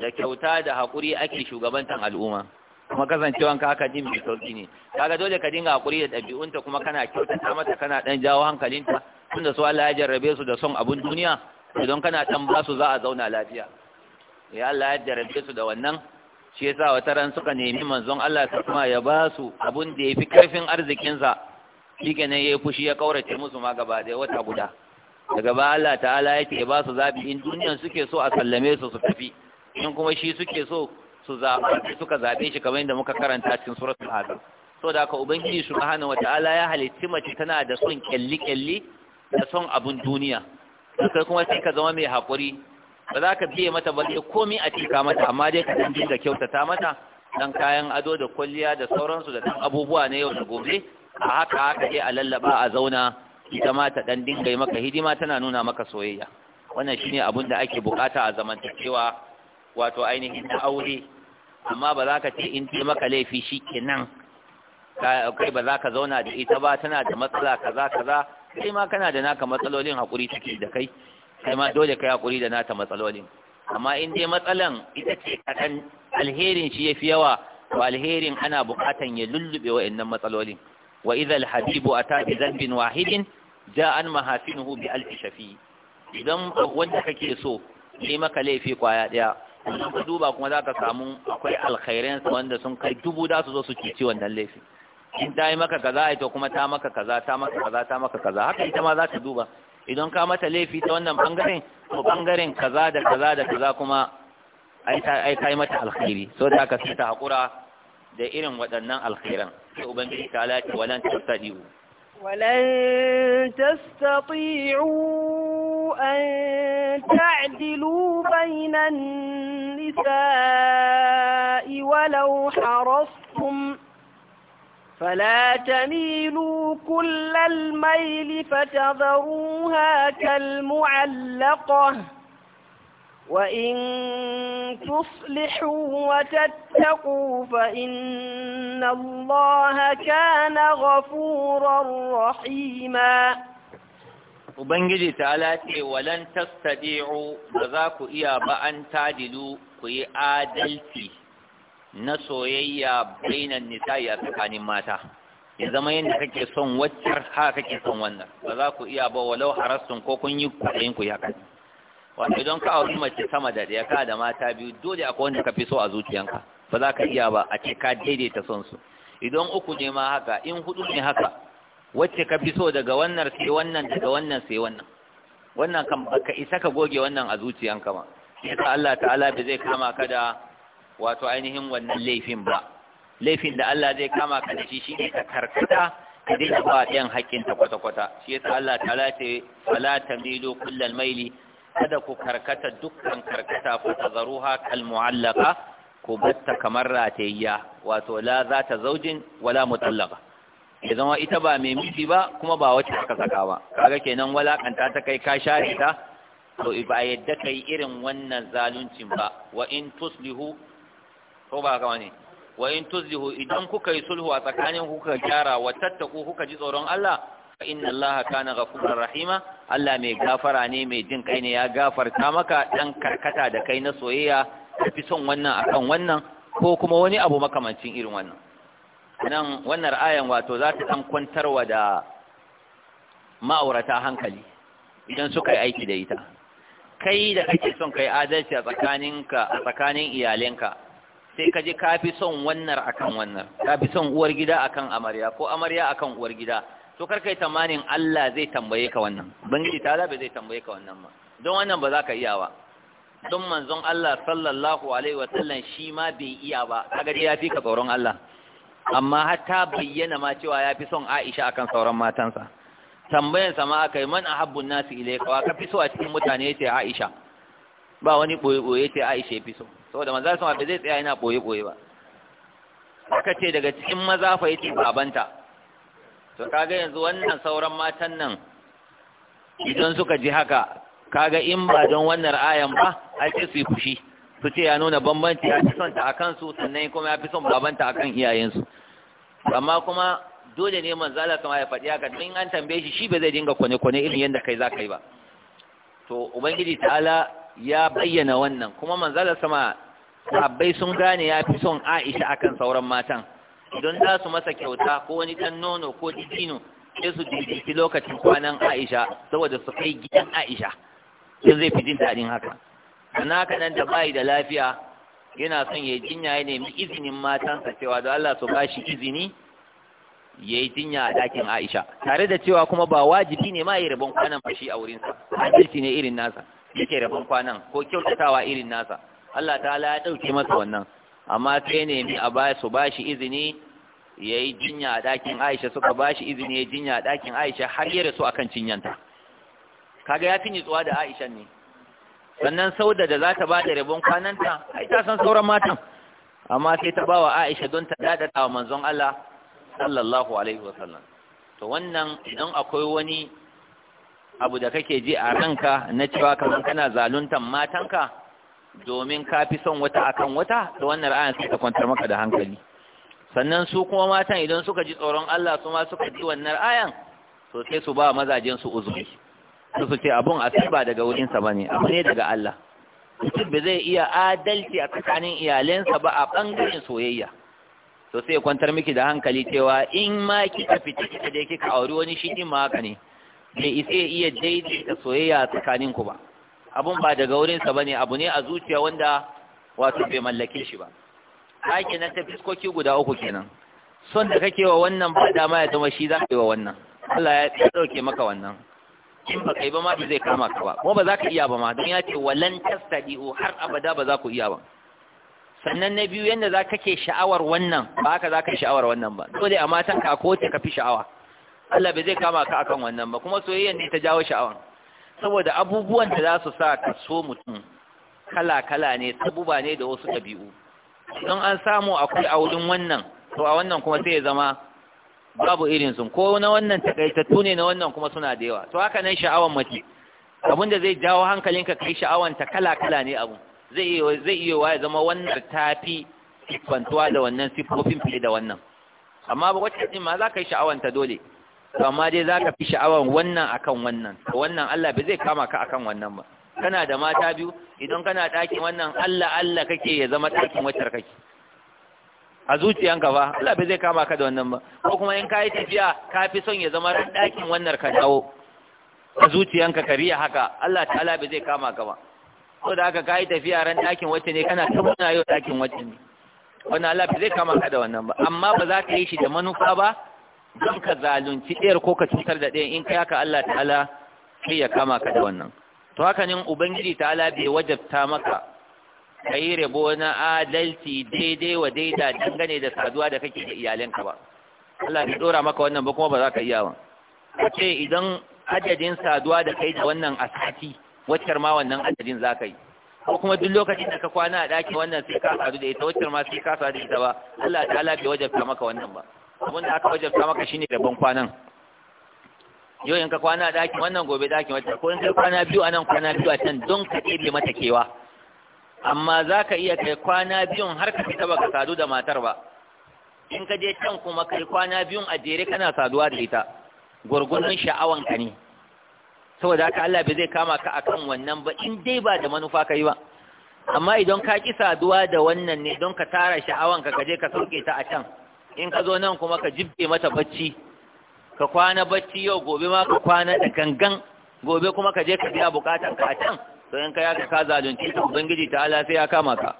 da kyauta da haƙuri ake shugabantan al'umma kuma kasancewan ka haka jin mai sauki ne kaga dole ka dinga haƙuri da ɗabi'unta kuma kana kyautata mata kana ɗan jawo hankalinta tunda su Allah ya jarrabe su da son abun duniya idan kana ɗan su za a zauna lafiya ya Allah ya jarabe su da wannan shi yasa wata ran suka nemi manzon Allah ta kuma ya ba su abun da yafi karfin arzikinsa shikenan yayi fushi ya kaurace musu ma gaba da wata guda daga ba Allah ta'ala yake ba su zabi in duniyan suke so a sallame su su tafi in kuma shi suke so su zaɓi suka zaɓe shi kamar yadda muka karanta cikin suratul hadid so da ka ubangiji subhanahu wataala ya halitti mace tana da son kyalli kyalli da son abun duniya sai kuma sai ka zama mai haƙuri ba za ka biye mata ba sai komai a cika mata amma dai ka dan dinga kyautata mata dan kayan ado da kwalliya da sauransu da dan abubuwa na yau da gobe a haka haka dai a lallaba a zauna ita ma ta dan dinga maka hidima tana nuna maka soyayya wannan shine abin da ake bukata a zamantakewa wato ainihin na aure amma ba za ka ce in ce maka laifi shi kenan kai ba za ka zauna da ita ba tana da matsala kaza kaza kai ma kana da naka matsalolin hakuri take da kai kai ma dole kai hakuri da nata matsalolin amma in dai matsalan ita ce kaɗan alherin shi ya fi yawa to alherin ana buƙatan ya lullube wa'annan matsalolin wa izal Habibu a bi dhanbin wahidin ja'an mahasinuhu bi alfi shafi idan wanda kake so ne maka laifi kwaya daya ka duba kuma ka samu akwai alkhairan wanda sun kai dubu da su zo su cici wannan laifi in ta yi maka kaza ita kuma ta maka kaza ta maka kaza ta maka kaza haka ita ma za ta duba idan ka mata laifi ta wannan bangaren ko bangaren kaza da kaza da kaza kuma ai kai mata alkhairi so da aka sai ta hakura da irin waɗannan alkhairan sai ubangiji ta lati walan tastadiu walan tastati'u an ta'dilu bainan nisa'i walau haras فلا تميلوا كل الميل فتذروها كالمعلقة وإن تصلحوا وتتقوا فإن الله كان غفورا رحيما وبنجي تعالى ولن walan tastadi'u ba za ku في ba na soyayya bainan nisa'i a tsakanin mata ya zama yadda kake son waccar ha kake son wannan ba za ku iya ba walau harassun ko kun yi kwaɗayin ku ya kan wato idan ka auri mace sama da ɗaya ka da mata biyu dole akwai wanda ka fi so a zuciyanka ba za ka iya ba a ce ka daidaita son su idan uku ne ma haka in hudu ne haka wacce ka fi so daga wannan sai wannan daga wannan sai wannan wannan kan ka isa ka goge wannan a zuciyanka ma yasa Allah ta'ala bai zai kama ka da wato ainihin wannan laifin ba laifin da Allah zai kama ka da shi shi ne ka karkata idan daina ba ɗayan haƙƙin ta kwata-kwata shi yasa Allah ta ce fala tamilu kullal maili kada ku karkata dukkan karkata fa tazaruha kal mu'allaqa ku batta kamar ratayya wato la za ta zaujin wala mutallaqa Idan wa ita ba mai miji ba kuma ba wacce aka saka ba kaga kenan walakanta ta kai ka share ta to ba yadda kai irin wannan zaluncin ba wa in tuslihu ko ba haka ne wa in tuzihu idan kuka yi sulhu a tsakanin kuka gyara wa tattaku kuka ji tsoron Allah fa inna Allah kana ghafurur rahima Allah mai gafara ne mai jin kai ne ya gafarta maka dan karkata da kai na soyayya kafi son wannan akan wannan ko kuma wani abu makamancin irin wannan nan wannan ayan wato za ta dan kwantarwa da ma'aurata hankali idan suka yi aiki da ita kai da kake son kai adalci a tsakaninka a tsakanin iyalenka sai ka je ka fi son wannan akan wannan ka fi son uwar gida akan amarya ko amarya akan uwar gida to kar yi tamanin Allah zai tambaye ka wannan ubangiji ta bai zai tambaye ka wannan ma, don wannan ba za ka iya ba don manzon Allah sallallahu alaihi wa sallam shi ma bai iya ba kaga ya fi ka tsoron Allah amma har ta bayyana ma cewa ya fi son Aisha akan sauran matansa tambayan sama akai man ahabbun nasi ilayka wa ka fi so a cikin mutane yace Aisha ba wani boye boye yace Aisha ya fi so saboda manzo sama bai zai tsaya yana boye boye ba aka ce daga cikin maza fa yace babanta to kaga yanzu wannan sauran matan nan idan suka ji haka kaga in ba don wannan ayan ba a ce su yi fushi su ce ya nuna bambanci ya fi son ta a kansu, sannan kuma ya fi son babanta a kan iyayensu amma kuma dole ne man zala sama ya faɗi haka don an tambaye shi shi ba zai dinga kwane-kwane irin yadda kai za ka yi ba to ubangiji ta'ala ya bayyana wannan kuma manzala sama sahabbai sun gane ya fi son Aisha akan sauran matan idan za su masa kyauta ko wani dan nono ko dijino sai su dibiti lokacin kwanan Aisha saboda su kai gidan Aisha sai zai fi jin daɗin haka sannan haka nan da bai da lafiya yana son ya jinya ya nemi izinin matansa cewa da Allah su ba shi izini ya yi jinya a ɗakin Aisha tare da cewa kuma ba wajibi ne ma ya rabon kwanan fashi a wurinsa adalci ne irin nasa yake rabon kwanan ko kyautatawa irin nasa Allah ta'ala ya dauke masa wannan amma sai ne a baya su bashi izini ya yi jinya a ɗakin Aisha suka bashi izini ya jinya a ɗakin Aisha har ya rasu akan cinyanta kaga ya fi nitsuwa da Aisha ne sannan sau da za ta ba da rabon kwananta ai ta san sauran matan amma sai ta ba wa Aisha don ta dadada wa manzon Allah sallallahu alaihi wasallam to wannan idan akwai wani abu da kake ji a ranka na cewa kamar kana zaluntan matanka domin ka fi son wata akan wata da wannan ra'ayin sai ta kwantar maka da hankali sannan su kuma matan idan suka ji tsoron Allah su ma suka ji wannan ra'ayin to sai su ba mazajen su uzuri su su ce abun asiba ba daga wurin sa bane abu ne daga Allah mutum ba zai iya adalci a tsakanin iyalensa ba a bangaren soyayya to sai kwantar miki da hankali cewa in ma kika fita kika dai kika auri wani shi din ma haka ne bai isa iya daidaita soyayya tsakanin ku ba abun ba daga wurinsa bane abu ne a zuciya wanda wato bai mallake shi ba haki na ta fiskoki guda uku kenan son da kake wa wannan ba dama ya zama shi za ka yi wa wannan Allah ya dauke maka wannan in ba kai ba ma zai kama ka ba kuma ba za ka iya ba ma don ya ce walan tastadi'u har abada ba za ku iya ba sannan na biyu yadda za ka ke sha'awar wannan ba haka za ka sha'awar wannan ba dole a matan ka ko ta ka fi sha'awa Allah bai zai kama ka akan wannan ba kuma soyayya ne ta jawo sha'awan saboda abubuwan da za su sa ka so mutum kala-kala ne sabuba ne da wasu ɗabi'u don an samu akwai a wurin wannan to a wannan kuma sai ya zama babu irin sun ko na wannan takaitattu ne na wannan kuma suna da yawa to haka nan sha'awan mace abin da zai jawo hankalinka kai sha'awan ta kala-kala ne abu zai iya zai iya wa zama wannan tafi kwantuwa da wannan sifofin fiye da wannan amma ba wacce din ma za ka yi sha'awan ta dole To amma dai za ka fi sha'awan wannan akan wannan wannan Allah ba zai kama ka akan wannan ba kana da mata biyu idan kana ɗakin wannan Allah Allah kake ya zama ɗakin wacce kake a zuciyanka ba Allah ba zai kama ka da wannan ba ko kuma in ka yi tafiya ka fi son ya zama ɗakin wannan ka dawo a zuciyanka ka riya haka Allah ta'ala ba zai kama ka ba ko da haka ka yi tafiya ran ɗakin wacce ne kana ta yau ɗakin wacce ne wannan Allah ba zai kama ka da wannan ba amma ba za ka yi shi da manufa ba don ka zalunci ɗayar ko ka cutar da ɗayan in kai haka Allah ta'ala sai ya kama ka da wannan to haka nin ubangiji ta'ala bai wajabta maka ka yi rabo na adalci daidai wa daida dangane da saduwa da kake da iyalanka ba Allah bai dora maka wannan ba kuma ba za ka iya ba ce idan adadin saduwa da kai da wannan a sati waccar ma wannan adadin za ka yi ko kuma duk lokacin da ka kwana a ɗakin wannan sai ka sadu da ita waccar ma sai ka sadu da ita ba Allah ta'ala bai wajabta maka wannan ba abin da aka wajabta maka shine rabon kwanan yau in ka kwana ɗakin wannan gobe ɗakin wata ko in kwana biyu a nan kwana biyu a can don ka ɗebe mata kewa amma za ka iya kai kwana biyun har ka fita baka sadu da matar ba in ka je can kuma kai kwana biyun a jere kana saduwa da ita gwargwadon sha'awan ka ne saboda haka Allah bai zai kama ka akan wannan ba in dai ba da manufa kai ba amma idan ka ki saduwa da wannan ne don ka tara sha'awan ka ka je ka sauke ta a can in ka zo nan kuma ka jibge mata bacci ka kwana bacci yau gobe ma ka kwana da gangan gobe kuma ka je ka biya bukatan ka a can to in ka yaka ka zalunci ta ubangiji ta ala sai ya kama ka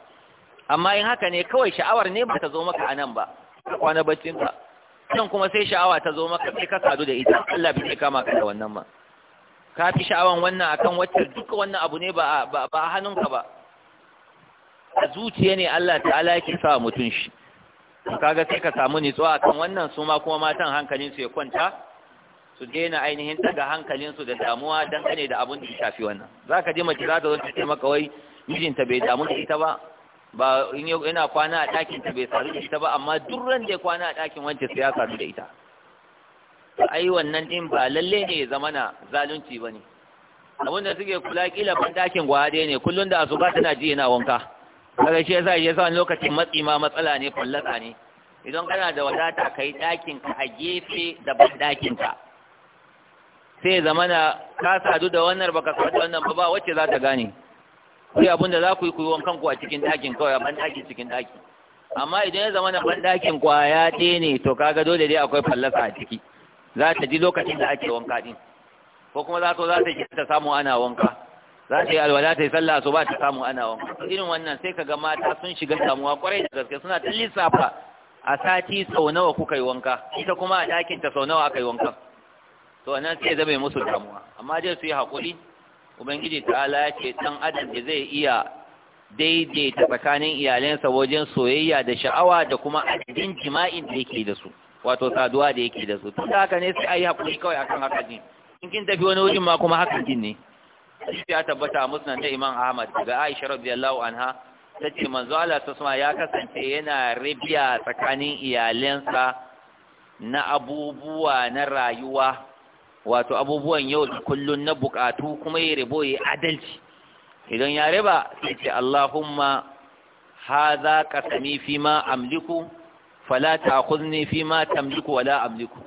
amma in haka ne kawai sha'awar ne ba ta zo maka a nan ba ka kwana baccin ka can kuma sai sha'awa ta zo maka sai ka sadu da ita Allah bai kama ka da wannan ma ka fi sha'awan wannan akan wacce duka wannan abu ne ba ba hannunka ba a zuciya ne Allah ta'ala yake sa mutun shi kaga sai ka samu nitsuwa akan wannan su ma kuma matan hankalin su ya kwanta su daina ainihin daga hankalin su da damuwa kane da abun da ya shafi wannan zaka je mace za ta zo ta ce maka wai mijinta bai damu da ita ba ba in yana kwana a ɗakin ta bai sadu da ita ba amma duk ran da ya kwana a ɗakin wance sai ya sadu da ita ai wannan din ba lalle ne ya zama na zalunci bane abin da suke kula kila ban ɗakin gwade ne kullum da asuba tana ji yana wanka daga shi yasa yasa wani lokacin matsi ma matsala ne fallasa ne idan kana da wadata ka yi ɗakin ka a gefe da ban ɗakin ka sai zamana ka sadu da wannan baka sadu da wannan ba ba wacce za ta gane sai abinda za ku yi ku yi wankan ku a cikin ɗakin kawai a ban ɗakin cikin ɗaki amma idan ya zamana ban ɗakin kwaya ya ne to kaga dole dai akwai fallasa a ciki za ta ji lokacin da ake wanka din ko kuma za ta za ta ji ta samu ana wanka za ta yi alwala ta yi sallah su ba ta samu ana wa irin wannan sai ka ga mata sun shiga samuwa kwarai da gaske suna ta lissafa a sati sau nawa kuka yi wanka ita kuma a ɗakin ta sau nawa aka yi wankan to nan sai zama musu damuwa amma dai su yi haƙuri ubangiji ta ala ce ɗan adam da zai iya daidaita tsakanin iyalansa wajen soyayya da sha'awa da kuma adadin jima'in da yake da su wato saduwa da yake da su tun da haka ne sai a yi haƙuri kawai akan haka din in kin tafi wani wajen ma kuma haka ne hadisi ya tabbata a musnad da Imam Ahmad daga Aisha radiyallahu anha tace manzo Allah ta sama ya kasance yana rabiya tsakanin iyalansa na abubuwa na rayuwa wato abubuwan yau da kullun na bukatu kuma ya rabo ya adalci idan ya riba sai ce Allahumma hadha qasami fi ma amliku fala ta'khudni fi ma tamliku wala amliku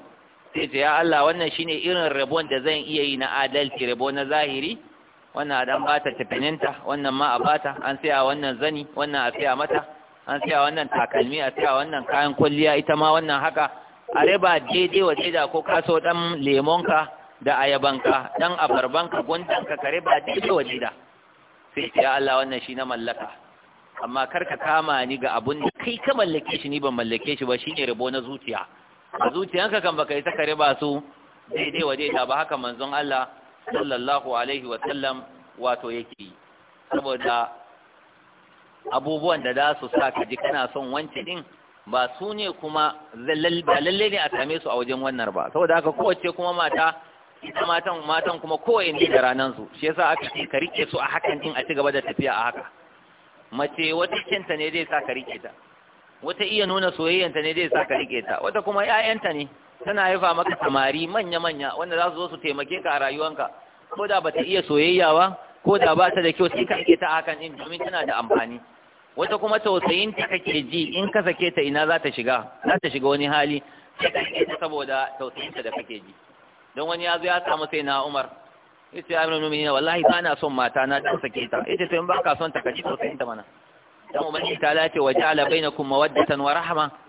sai ce ya Allah wannan shine irin rabon da zan iya yi na adalci rabo na zahiri wannan a dan bata tafininta wannan ma a bata an siya wannan zani wannan a siya mata an siya wannan takalmi a siya wannan kayan kwalliya ita ma wannan haka a riba daidai wa daida ko kaso dan lemonka da ayabanka dan abarbanka gundanka ka riba daidai wa daida sai ya Allah wannan shi na mallaka amma kar ka kama ni ga abun da kai ka mallake shi ni ban mallake shi ba shine rabo na zuciya a zuciyanka kan baka yi saka riba su daidai wa daida ba haka manzon Allah sallallahu alaihi wa sallam wato yake yi saboda abubuwan da za su sa ka ji kana son wance din ba su ne kuma ba lalle ne a same su a wajen wannan ba saboda haka kowace kuma mata ita matan matan kuma ne da ranan su shi yasa aka ce ka rike su a hakan din a ci gaba da tafiya a haka mace wata kinta ne zai sa ka rike ta wata iya nuna soyayyanta ne zai sa ka rike ta wata kuma 'ya'yanta ne tana haifa maka samari manya-manya wanda za su zo su taimake ka a rayuwanka ko da ba ta iya soyayya ba ko da ba ta da kyau sai ka ake ta hakan in domin tana da amfani wata kuma tausayin ta kake ji in ka sake ta ina za ta shiga za ta shiga wani hali sai ka ake ta saboda tausayin ta da kake ji don wani ya zo ya samu sai na Umar yace Aminu Mu'minina wallahi ba na son mata na ta sake ta yace to in ba ka son ta kaji tausayin ta mana dan Umar ta lace wa ja'ala bainakum mawaddatan wa rahma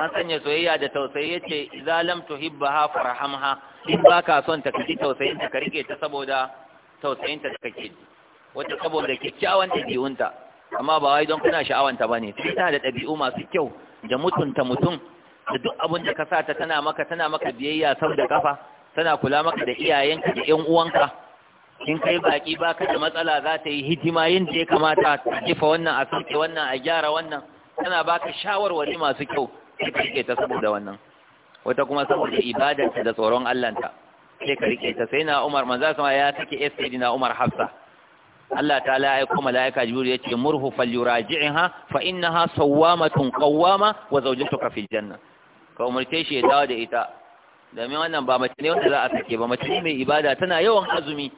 an sanya soyayya da tausayi ya ce, za lam tuhibbaha farhamha in baka son ta kaji tausayin ta ka rike ta saboda tausayin ta kake wata saboda kyakkyawan ɗabi'unta. amma ba wai don kuna sha'awanta bane ta da ɗabi'u masu kyau da mutunta mutum da duk abin da ka sa ta tana maka tana maka biyayya sau da kafa tana kula maka da iyayenka da ƴan uwanka in kai baki baka da matsala za ta yi hidima yin da ya kamata a kifa wannan a sauke wannan a gyara wannan tana baka shawarwari masu kyau sai ka rike ta saboda wannan wata kuma saboda ibadarta da tsoron Allahnta sai ka rike ta sai na Umar manzo sama ya take sayyidina Umar Hafsa Allah ta'ala ya aika malaika jibril ya ce murhu falyuraji'ha fa innaha sawwamatun qawwama wa zawjatuka fil janna ka umarce shi ya dawo da ita domin wannan ba mace ne wanda za a sake ba mace mai ibada tana yawan azumi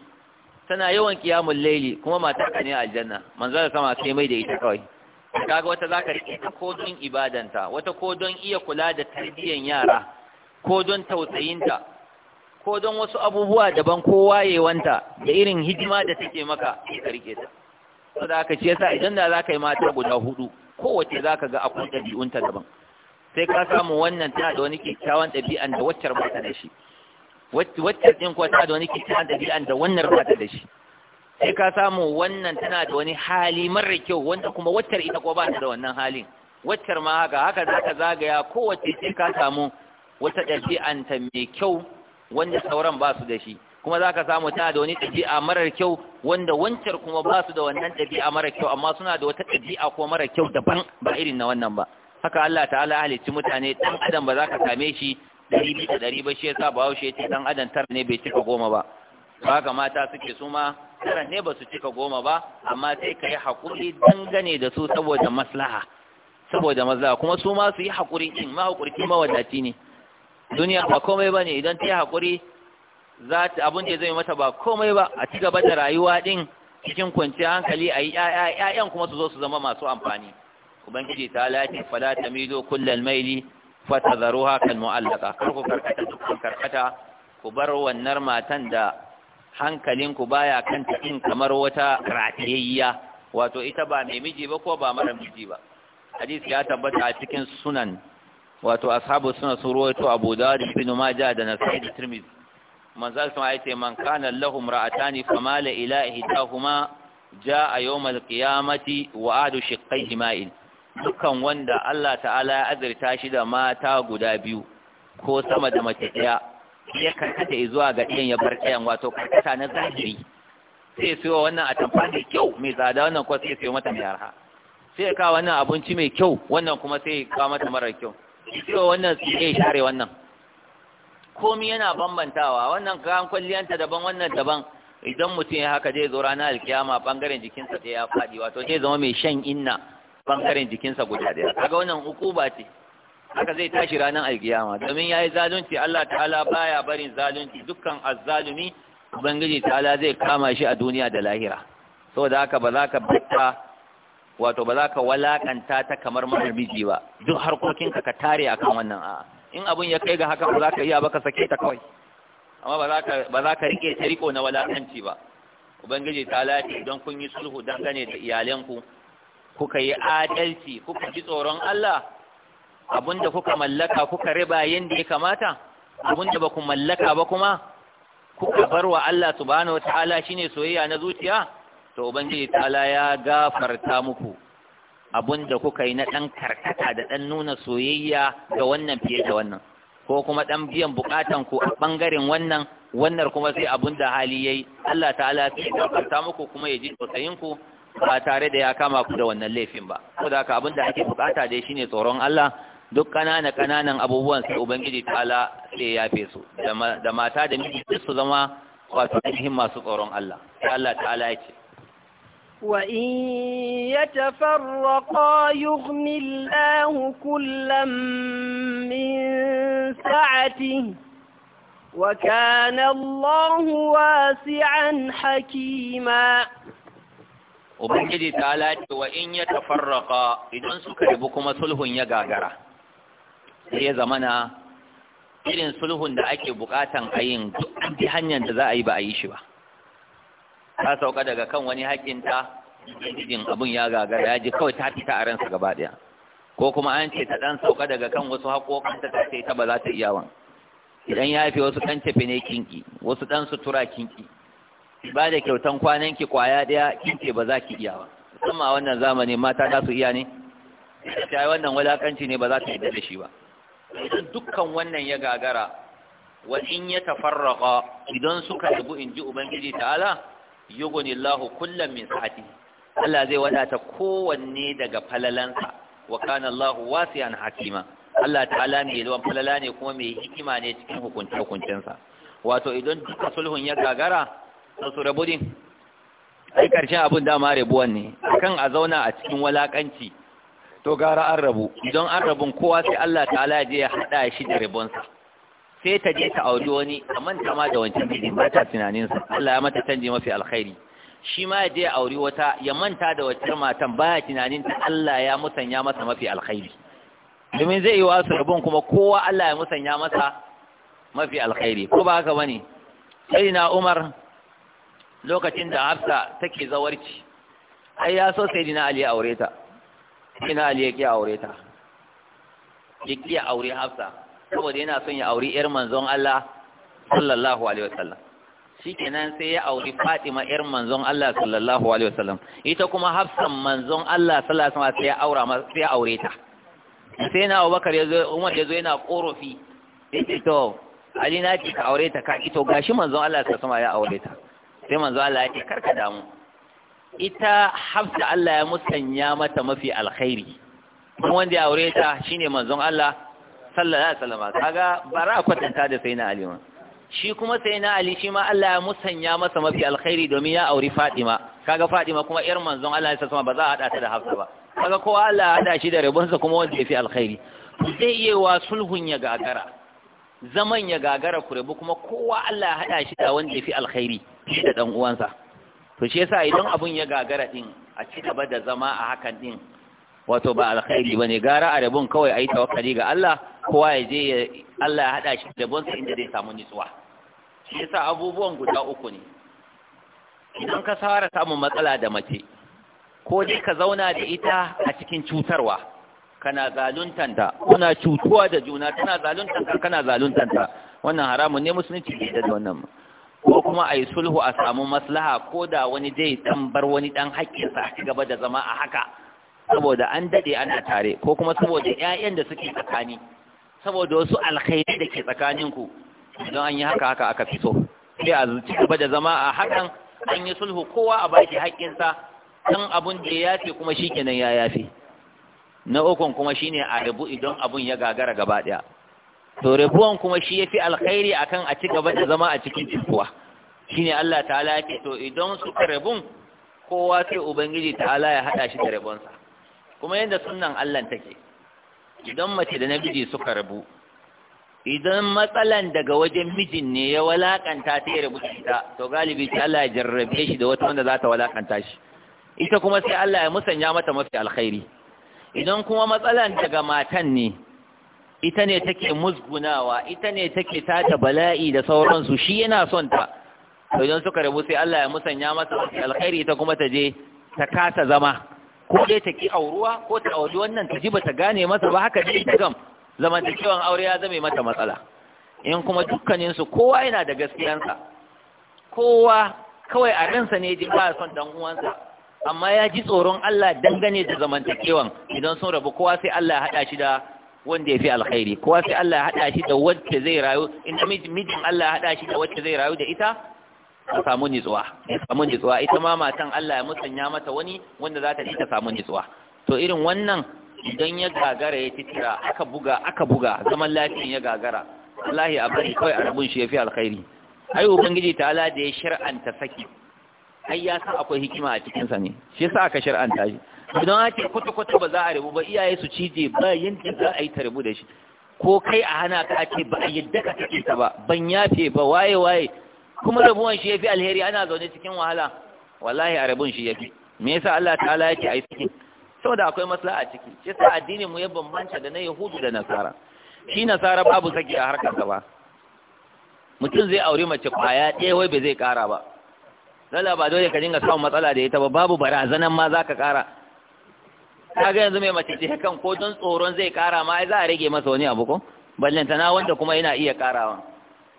tana yawan qiyamul layli kuma mata ka ne aljanna manzo sama sai mai da ita kawai kaga wata zaka rike ta ko don ibadanta wata ko don iya kula da tarbiyyan yara ko don tausayinta ko don wasu abubuwa daban ko wayewanta da irin hidima da take maka ka rike ta saboda haka ce yasa idan da zaka yi mata guda hudu kowace zaka ga akwai ɗabi'unta daban sai ka samu wannan ta da wani kyakkyawan dabi'an da waccar ba ta da shi waccar ɗin kuwa tana da wani kyakkyawan dabi'an da wannan ba ta da shi sai ka samu wannan tana da wani hali mara kyau wanda kuma waccar ita ko ba ta da wannan halin waccar ma haka haka za ka zagaya kowace sai ka samu wata ɗabi'anta mai kyau wanda sauran ba su da shi kuma za ka samu tana da wani ɗabi'a marar kyau wanda wancar kuma ba su da wannan ɗabi'a marar kyau amma suna da wata ɗabi'a ko marar kyau daban ba irin na wannan ba haka Allah ta'ala halicci mutane dan adam ba za ka same shi ɗari da ɗari ba shi sa ba haushe ce dan adam tara ne bai cika goma ba ba haka mata suke suma taran ne ba su cika goma ba amma sai ka yi haƙuri dangane da su saboda maslaha saboda maslaha kuma su ma su yi haƙuri in ma haƙuri mawadaci ne duniya ba komai ba ne idan ta yi haƙuri za ta abin da zai mata ba komai ba a ci gaba da rayuwa ɗin cikin kwanciyar hankali a yi ƴaƴan kuma su zo su zama masu amfani ubangiji ta lati fala ta mido kullal maili fata zaro hakan mu'allaka kar ku karkata dukkan karkata ku bar wannan matan da hankalinku baya kanta in kamar wata ratayayya wato ita ba mai miji ba ko ba mara miji ba hadisi ya tabbata a cikin sunan wato ashabu sunan su ruwaito abu dawud ibn majah da nasai da tirmidhi manzal sun ayace man kana lahu imra'atani famala ila ihdahuma jaa yawm al wa adu shiqqayhi ma'il dukkan wanda Allah ta'ala ya azurta shi da mata guda biyu ko sama da mace ya karkata zuwa ga ɗayan ya bar ɗayan wato karkata na zahiri sai siyo wannan atamfa mai kyau mai tsada wannan kuma sai siyo mata mai arha sai ya kawo wannan abinci mai kyau wannan kuma sai ya kawo mata mara kyau siyo wannan sai share wannan komi yana bambantawa wannan kayan kwalliyanta daban wannan daban idan mutum ya haka zai zo ranar alkiyama bangaren jikinsa sai ya faɗi wato zai zama mai shan inna bangaren jikinsa guda ɗaya kaga wannan hukuma ce haka zai tashi ranar alkiyama domin ya yi zalunci Allah ta'ala baya barin zalunci dukkan azzalumi ubangiji ta'ala zai kama shi a duniya da lahira saboda haka ba za ka bata wato ba za ka walakanta ta kamar mara miji ba duk harkokinka ka tare akan wannan a'a in abun ya kai ga haka ba za ka iya ba sake ta kawai amma ba za ka rike ta riko na walakanci ba ubangiji ta'ala ce don kun yi sulhu dangane da iyalanku kuka yi adalci kuka ji tsoron Allah abinda kuka mallaka kuka riba yanda ya kamata abinda ba ku mallaka ba kuma kuka bar wa Allah subhanahu wataala shine soyayya na zuciya to ubangiji ta'ala ya gafarta muku abinda kuka yi na dan karkata da dan nuna soyayya ga wannan fiye da wannan ko kuma dan biyan bukatan ku a bangaren wannan wannan kuma sai abinda hali yayi Allah ta'ala sai ya gafarta muku kuma ya ji tausayin ku ba tare da ya kama ku da wannan laifin ba saboda haka abinda ake bukata dai shine tsoron Allah duk kanana kananan abubuwan sai ubangiji ta'ala sai ya yafe su da mata da miji duk su zama wato ainihin masu tsoron Allah Allah ta'ala ya ce وإن يتفرقا يغن الله min من Wa وكان الله واسعا Hakima. Ubangiji ta ce wa in ya tafarraka idan suka ribu kuma sulhun ya gagara, sai ya zamana irin sulhun da ake bukatan a yin duk hanyar da za a yi ba a yi shi ba ta sauka daga kan wani haƙinta jin abin ya gagara ya ji kawai ta fita a ransa gaba ɗaya ko kuma an ce ta ɗan sauka daga kan wasu haƙoƙanta ta ce ta ba za ta iya wan idan ya fi wasu ɗan tafi ne kinki wasu ɗan sutura kinki ba da kyautan kwanan ki kwaya ɗaya kinki ba za ki iya ba musamman a wannan zamani mata za su iya ne ta wannan wulakanci ne ba za ta yi da shi ba idan dukkan wannan ya gagara wa in ya tafarraqa idan suka rabu inji ubangiji ta'ala yughni Allahu kullam min sa'ati Allah zai wadata kowanne daga falalansa wa kana Allahu wasi'an hakima Allah ta'ala ne da falala ne kuma mai hikima ne cikin hukunce hukuncinsa wato idan duka sulhun ya gagara to su budin, din ai karshen abun dama rabuwan ne kan a zauna a cikin walakanci to gara an rabu idan an rabun kowa sai Allah ta'ala je ya hada shi da rabonsa sai ta je ta auri wani a manta ma da wancan miji ba ta tunanin sa Allah ya mata canje mafi alkhairi shi ma ya je ya auri wata ya manta da wancan matan baya tunanin ta Allah ya musanya masa mafi alkhairi domin zai yi wasu rabon kuma kowa Allah ya musanya masa mafi alkhairi ko ba haka bane sai na Umar lokacin da Hafsa take zawarci ai ya so sai dina Ali ya aure ta ina ali yake aure ta yake aure hafsa saboda yana son ya aure yar manzon Allah sallallahu alaihi wasallam shikenan sai ya aure Fatima yar manzon Allah sallallahu alaihi wasallam ita kuma hafsa manzon Allah sallallahu alaihi wasallam sai ya aura sai ya aure ta sai na Abubakar yazo Umar yazo yana korofi sai to Ali na ce ka aure ta ka ito gashi manzon Allah sallallahu alaihi wasallam ya aure ta sai manzon Allah ya ce karka damu ita hafsa Allah ya musanya mata mafi alkhairi kuma wanda ya aure ta shine manzon Allah sallallahu alaihi wasallam kaga bara kwatanta da sayyidina Ali ma shi kuma sayyidina Ali shi ma Allah ya musanya masa mafi alkhairi domin ya aure Fatima kaga Fatima kuma yar manzon Allah ya alaihi ba za a hada ta da hafsa ba kaga kowa Allah ya hada shi da rabonsa kuma wanda ya fi alkhairi zai iya wa sulhun ya gagara zaman ya gagara kurebu kuma kowa Allah ya hada shi da wanda ya fi alkhairi shi da dan uwansa to shi yasa idan abun ya gagara din a ci gaba da zama a hakan din wato ba alkhairi bane gara a rabun kawai ayi tawakkali ga Allah kowa ya je Allah ya hada shi da bonsa inda zai samu nutsuwa shi yasa abubuwan guda uku ne idan ka fara samun matsala da mace ko dai ka zauna da ita a cikin cutarwa kana zaluntanta kuna cutuwa da juna kana zaluntanta kana zaluntanta wannan haramun ne musulunci ke da wannan ko kuma a yi sulhu a samu maslaha ko da wani zai tambar bar wani ɗan haƙƙinsa a gaba da zama a haka saboda an daɗe ana tare ko kuma saboda ƴaƴan da suke tsakani saboda wasu alkhairi da ke tsakaninku don an yi haka haka aka fito sai a ci gaba da zama a hakan an yi sulhu kowa a baki haƙƙinsa don abun da ya yafe kuma shikenan ya yafe na ukun kuma shine a rubu idan abun ya gagara gaba ɗaya to rabuwan kuma shi yafi alkhairi akan a ci gaba da zama a cikin cikuwa shine Allah ta'ala yake to idan suka rabun kowa sai ubangiji ta'ala ya hada shi da rabonsa kuma yadda sunnan Allah take idan mace da namiji suka rabu idan matsalan daga wajen mijin ne ya walakanta ta ya rabu ta to galibi sai Allah ya jarrabe shi da wata wanda za ta walakanta shi ita kuma sai Allah ya musanya mata mafi alkhairi idan kuma matsalan daga matan ne ita ne take musgunawa ita ne take tata bala'i da sauransu shi yana son ta idan suka rabu sai Allah ya musanya masa alkhairi ita kuma ta je ta kasa zama ko dai ta ki auruwa ko ta auri wannan ta ji ba ta gane masa ba haka dai ta gam zamantakewan aure ya zame mata matsala in kuma dukkaninsu kowa yana da gaskiyansa kowa kawai a ransa ne ji ba son dan uwansa amma ya ji tsoron Allah dangane da zamantakewan idan sun rabu kowa sai Allah ya hada shi da wanda ya fi alkhairi ko sai Allah ya haɗa shi da wacce zai rayu in mijin Allah ya haɗa shi da wacce zai rayu da ita ta samu nitsuwa ta samu nitsuwa ita ma matan Allah ya musanya mata wani wanda za ta ji ta samu nitsuwa to irin wannan idan ya gagara ya titira aka buga aka buga zaman lafiyan ya gagara wallahi a bari kawai arabun shi ya fi alkhairi ai ubangiji Allah da ya shar'anta saki ai ya san akwai hikima a cikin sa ne shi yasa aka shar'anta shi idan ake kwata-kwata ba za a rabu ba iyaye su cije ba yadda za a yi ta rabu da shi ko kai a hana ka ake ba a yadda ka take ta ba ban yafe ba waye waye kuma rabuwan shi yafi alheri ana zaune cikin wahala wallahi a rabun shi yafi me yasa Allah ta'ala yake ai cikin saboda akwai maslaha a ciki shi yasa addinin mu ya bambanta da na yahudu da nasara shi nasara babu saki a harkar sa ba mutum zai aure mace kwaya ɗaya wai ba zai kara ba lalla ba dole ka dinga samun matsala da ita ba babu barazanan ma ka kara kaga yanzu mai mace ce kan ko don tsoron zai kara ma za a rage masa wani abu ko na wanda kuma yana iya karawa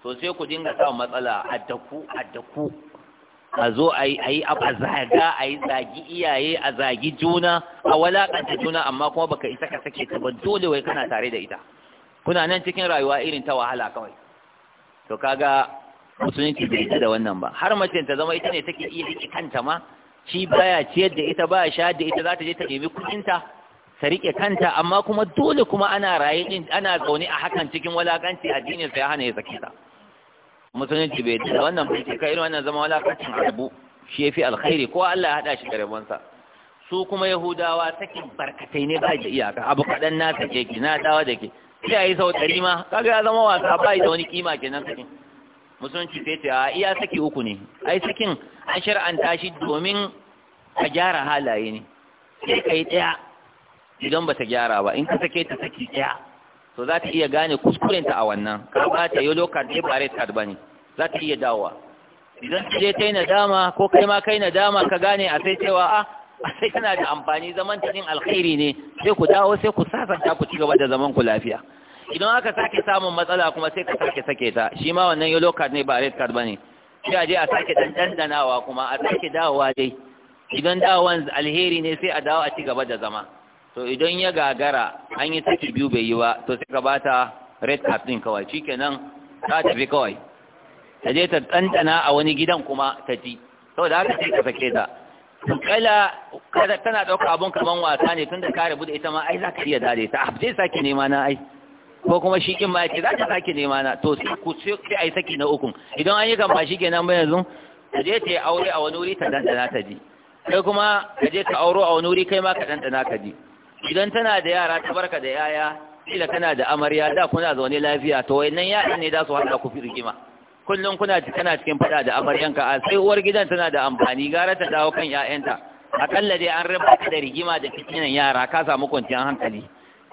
to sai ku dinga sa matsala a daku a zo a yi a zaga a yi zagi iyaye a zagi juna a walakanta juna amma kuma baka isa ka sake ta ba dole wai kana tare da ita kuna nan cikin rayuwa irin ta wahala kawai to kaga musulunci bai da wannan ba har mace ta zama ita ne take iya rike kanta ma shi baya ciyar da ita baya sha da ita za ta je ta ɗebi kuɗinta ta riƙe kanta amma kuma dole kuma ana raye din ana zaune a hakan cikin walakanci addinin sa ya hana ya sake ta musulunci bai da wannan bai ka irin wannan zama walakancin abu shi yafi alkhairi ko Allah ya hada shi da rabonsa su kuma yahudawa sakin barkatai ne ba da iyaka abu kaɗan na sake ki na dawa da ke sai a yi sau ɗari ma kaga ya zama wasa ba da wani kima kenan sakin musulunci sai a iya saki uku ne ai sakin an shar'anta shi domin a gyara halaye ne sai ka yi ɗaya idan ba ta gyara ba in ka sake ta saki ɗaya to za ta iya gane kuskurenta a wannan ka ba ta yi lokar da eh, ba red ba ne za ta iya dawowa idan ta je ta yi nadama ko kai ma kai nadama ka gane a sai cewa a ah, sai tana da amfani zaman ta yin alkhairi ne sai ku dawo sai ku sasanta ku ci gaba da zaman ku lafiya idan aka sake samun matsala kuma sai ka sake sake ta shi ma wannan yellow card ne ba red card bane sai a je a sake dan dandanawa kuma a sake dawowa dai idan dawowan alheri ne sai a dawo a ci gaba da zama to idan ya gagara an yi saki biyu bai yi ba to sai ka bata red card din kawai shikenan ta tafi kawai ta je ta dandana a wani gidan kuma ta ji saboda haka sai ka sake ta kala tana ɗauka abun kaman wasa ne tunda ka rabu da ita ma ai za ka iya dare ta sai sake nema na ai ko kuma shi kin ma ya ce za ta sake nema na to sai ku sai ai saki na ukun idan an yi kan shi kenan ba yanzu ta je ta yi aure a wani wuri ta dandana ta ji kai kuma ka je auro a wani wuri kai ma ka dandana ka ji idan tana da yara ta barka da yaya kila kana da amarya da kuna zaune lafiya to nan yaran ne za su haɗa ku fi rigima kullum kuna kana cikin fada da amaryanka a sai uwar gidan tana da amfani gara ta dawo kan 'ya'yanta akalla dai an raba da rigima da kicinan yara ka samu kwanciyar hankali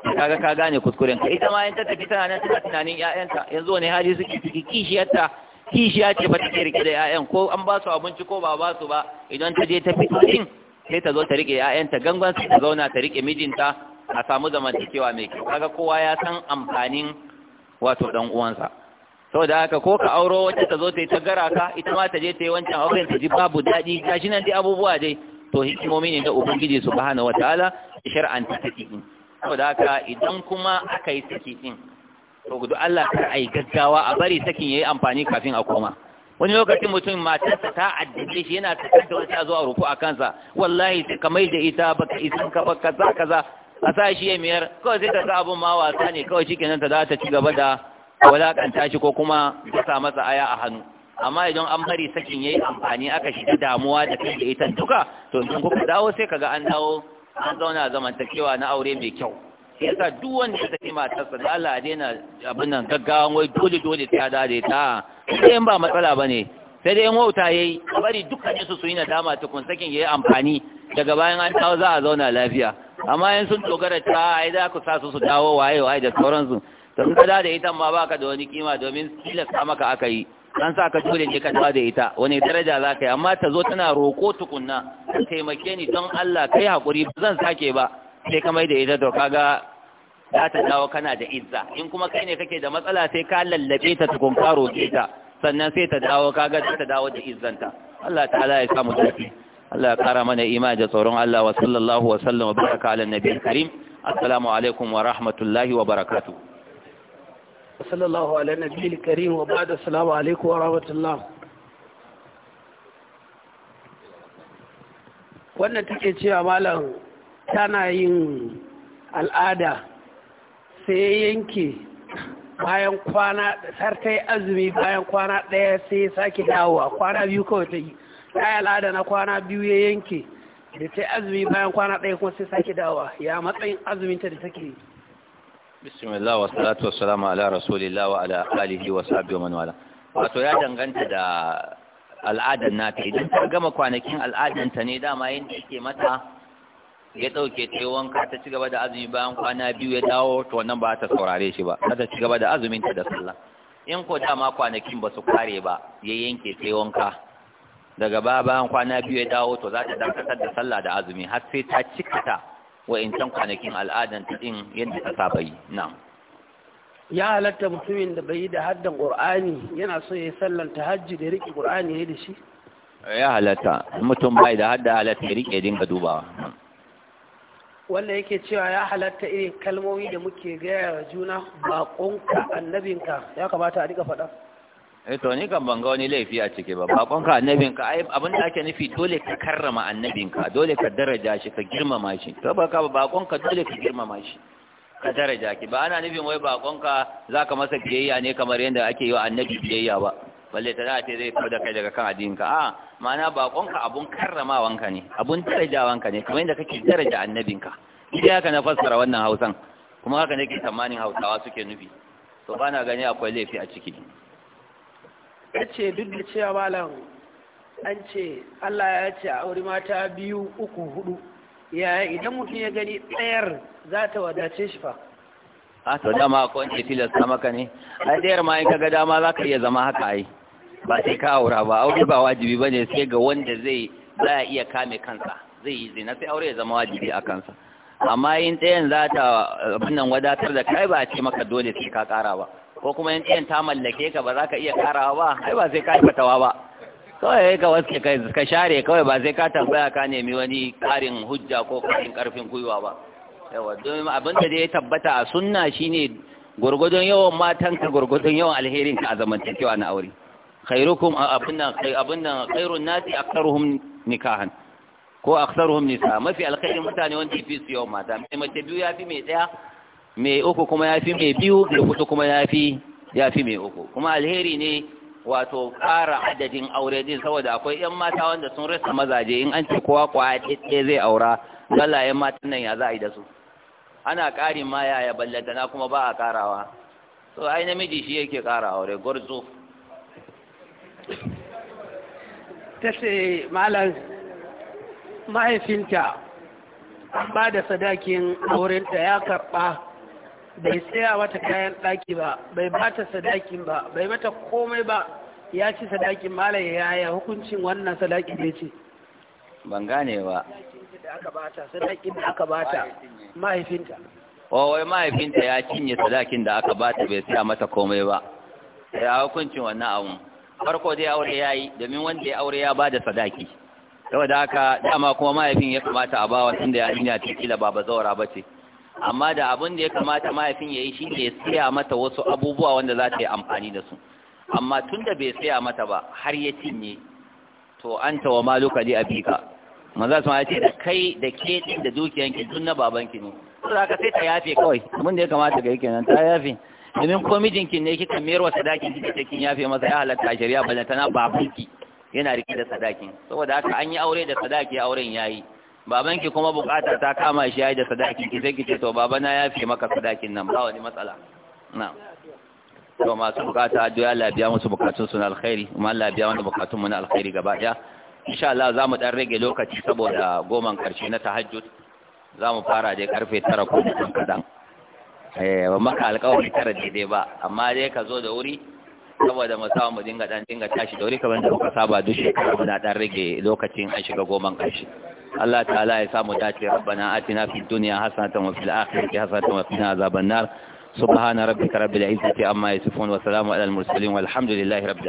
kaga ka gane kuskuren ka ita ma in ta tafi tana nan tana tunanin ƴaƴanta yanzu wani hali suke ciki kishiyarta kishiya ce ba take rike da ƴaƴan ko an ba su abinci ko ba ba su ba idan ta je ta fito din sai ta zo ta rike ƴaƴanta gangan sai ta zauna ta rike mijinta a samu zamantakewa mai kyau kaga kowa ya san amfanin wato dan uwansa saboda haka ko ka auro wacce ta zo ta yi ta gara ka ita ma ta je ta yi wancan auren ta ji babu daɗi gashi nan dai abubuwa dai to hikimomi ne da ubangiji subhanahu wataala shar'anta ta cikin saboda haka idan kuma aka yi saki din to gudu Allah kar a yi gaggawa a bari sakin ya yi amfani kafin a koma wani lokacin mutum matarsa ta addini shi yana tsakar da wata zuwa ruku a kansa wallahi sai ka da ita baka isan ka za ka za a sa shi ya miyar kawai sai ka ga abun ma wasa ne kawai shi kenan ta za ta ci gaba da walakanta shi ko kuma ta masa aya a hannu amma idan an bari sakin yayi amfani aka shiga damuwa da kai da ita duka to idan kuka dawo sai kaga an dawo an zauna zamantakewa na aure mai kyau shi yasa duk wanda ya saki matarsa da Allah daina abin nan gaggawan wai dole dole ta dare ta sai in ba matsala bane sai dai in wauta yayi bari dukkan su su yi nadama tukun sakin yayi amfani daga bayan an tawo za a zauna lafiya amma in sun dogara ta ai za ku sa su su dawo waye waye da sauransu to in da ita ma baka da wani kima domin tilasta maka aka yi an sa ka jure ne ka tawa da ita wani daraja za ka yi amma ta zo tana roƙo tukunna taimake ni don Allah kai hakuri ba zan sake ba sai ka mai da ita to kaga za ta dawo kana da izza in kuma kai ne kake da matsala sai ka lallabe ta tukun ka roƙe ta sannan sai ta dawo kaga za ta dawo da izzanta Allah ta'ala ya samu tafi Allah ya kara mana imani da tsoron Allah wa sallallahu wa sallam wa baraka ala nabiyil karim assalamu alaikum wa rahmatullahi wa barakatuh صلى الله على النبي الكريم وبعد السلام عليكم ورحمة الله wannan take cewa malam tana yin al'ada sai yanke bayan kwana har ta azumi bayan kwana ɗaya sai sake dawowa kwana biyu kawai ta yi ta yi al'ada na kwana biyu ya yanke da ta azumi bayan kwana ɗaya kuma sai sake dawowa ya matsayin azumin ta da take yi بسم الله والصلاة والسلام على رسول الله وعلى آله وصحبه ومن والاه wato ya danganta da al'adar nata idan ta gama kwanakin ta ne dama yadda yake mata ya ɗauke ta wanka ta ci gaba da azumi bayan kwana biyu ya dawo to wannan ba ta saurare shi ba ta ci gaba da ta da sallah in ko dama kwanakin ba su kware ba ya yanke ta wanka daga ba bayan kwana biyu ya dawo to za ta dakatar da sallah da azumi har sai ta cikata wa'incan kwanakin al'adan ta ɗin yadda ta saba yi na ya halatta mutumin da bai yi da haddan ƙur'ani yana so ya sallan hajji da riƙe ya yi da shi ya halatta mutum bai da hadda halatta ya riƙe dinga dubawa wanda yake cewa ya halatta irin kalmomi da muke gaya wa juna baƙonka annabinka ya kamata a riƙa faɗa eh to ni kan banga wani laifi a ciki ba bakonka annabinka ai abin ake nufi dole ka karrama annabinka dole ka daraja shi ka girmama shi to ba ka bakonka dole ka girmama shi ka daraja ki ba ana nufin wai bakonka zaka masa biyayya ne kamar yadda ake yi wa annabi biyayya ba balle ta za ta zai kawo da kai daga kan adinka a ma'ana bakonka abun karramawanka ne abun darajawanka ne kamar yadda kake daraja annabinka idan haka na fassara wannan hausan kuma haka nake tsammanin hausawa suke nufi to ba na gani akwai laifi a ciki ya ce duk da cewa malam an ce Allah ya ce a wuri mata biyu uku hudu yaya idan mutum ya gani ɗayar za ta wadace shi fa a to dama ko in ce tilasta maka ne a ɗayar ma in ka ga dama za ka iya zama haka ai ba sai ka aura ba aure ba wajibi ba ne sai ga wanda zai za a iya kame kansa zai yi zina sai aure ya zama wajibi a kansa amma yin ɗayan za ta wannan wadatar da kai ba a ce maka dole sai ka ƙara ba ko kuma yan ɗayan ta mallake ka ba za ka iya karawa ba ai ba sai ka yi fatawa ba kawai ka waske ka share kawai ba sai ka tambaya ka nemi wani ƙarin hujja ko ƙarin ƙarfin gwiwa ba yawa don abin da ya tabbata a sunna shine gurgudun yawan matan ka gurgudun yawan alherin ka a zamantakewa na aure khairukum abin nan abin nan khairun nasi aktharuhum nikahan ko aktharuhum nisa mafi alkhairin mutane wanda fi su yawan mata mai mace biyu ya fi mai daya mai uku kuma ya fi mai biyu da hudu kuma ya fi ya fi mai uku kuma alheri ne wato ƙara adadin aure din saboda akwai yan mata wanda sun rasa mazaje in an ce kowa kwaya ɗaya zai aura yan matan nan ya za a yi da su ana ƙarin ma yaya na kuma ba a ƙarawa so ai namiji shi yake ƙara aure gwarzo ta ce malam mahaifinta an ba da sadakin aurenta ya karɓa bai saya mata kayan ɗaki ba bai bata sadakin ba bai mata komai ba ya ci sadakin malam yaya hukuncin wannan sadaki ne ce ban gane ba sadakin da aka bata mahaifinta wawai mahaifinta ya cinye sadakin da aka bata bai saya mata komai ba ya hukuncin wannan abun farko dai aure ya yi domin wanda ya aure ya ba da sadaki saboda haka dama kuma mahaifin ya kamata a ba wa tun da ya nuna cikila, ba ba zaura ba ce amma da abin da ya kamata mahaifin ya yi shi ne siya mata wasu abubuwa wanda za ta yi amfani da su amma tun da bai siya mata ba har ya cinye to an tawa maluka a bika. maza su ma ce da kai da ke din da dukiyanki tun na babanki ne to za ka sai ta yafe kawai abin da ya kamata ga yake nan ta yafe domin ko mijinki ne kika mayar wa sadakin kika ce kin yafe masa ya halatta shari'a balantana babanki yana rike da sadakin saboda haka an yi aure da sadaki auren yayi Baban ki kuma bukata ta kama shi yayi da sadaki ki sai ki ce to babana ya fi maka sadakin nan ba wani matsala na'am to masu bukata addu'a Allah biya musu bukatun su na alkhairi kuma Allah biya wanda bukatun mu na alkhairi gaba daya insha Allah zamu dan rage lokaci saboda goman karshe na tahajjud zamu fara dai karfe 9 ko kadan eh ba maka alƙawari tara daidai ba amma dai ka zo da wuri saboda mu samu mu dinga dan dinga tashi da wuri kamar da muka saba duk shekara muna dan rage lokacin an shiga goman karshe Allah ta'ala ya samu dace rabbana atina fid dunya hasanatan wa fil akhirati hasanatan wa qina azaban nar subhana rabbika rabbil izzati amma yasifun wa salamun alal mursalin walhamdulillahi rabbil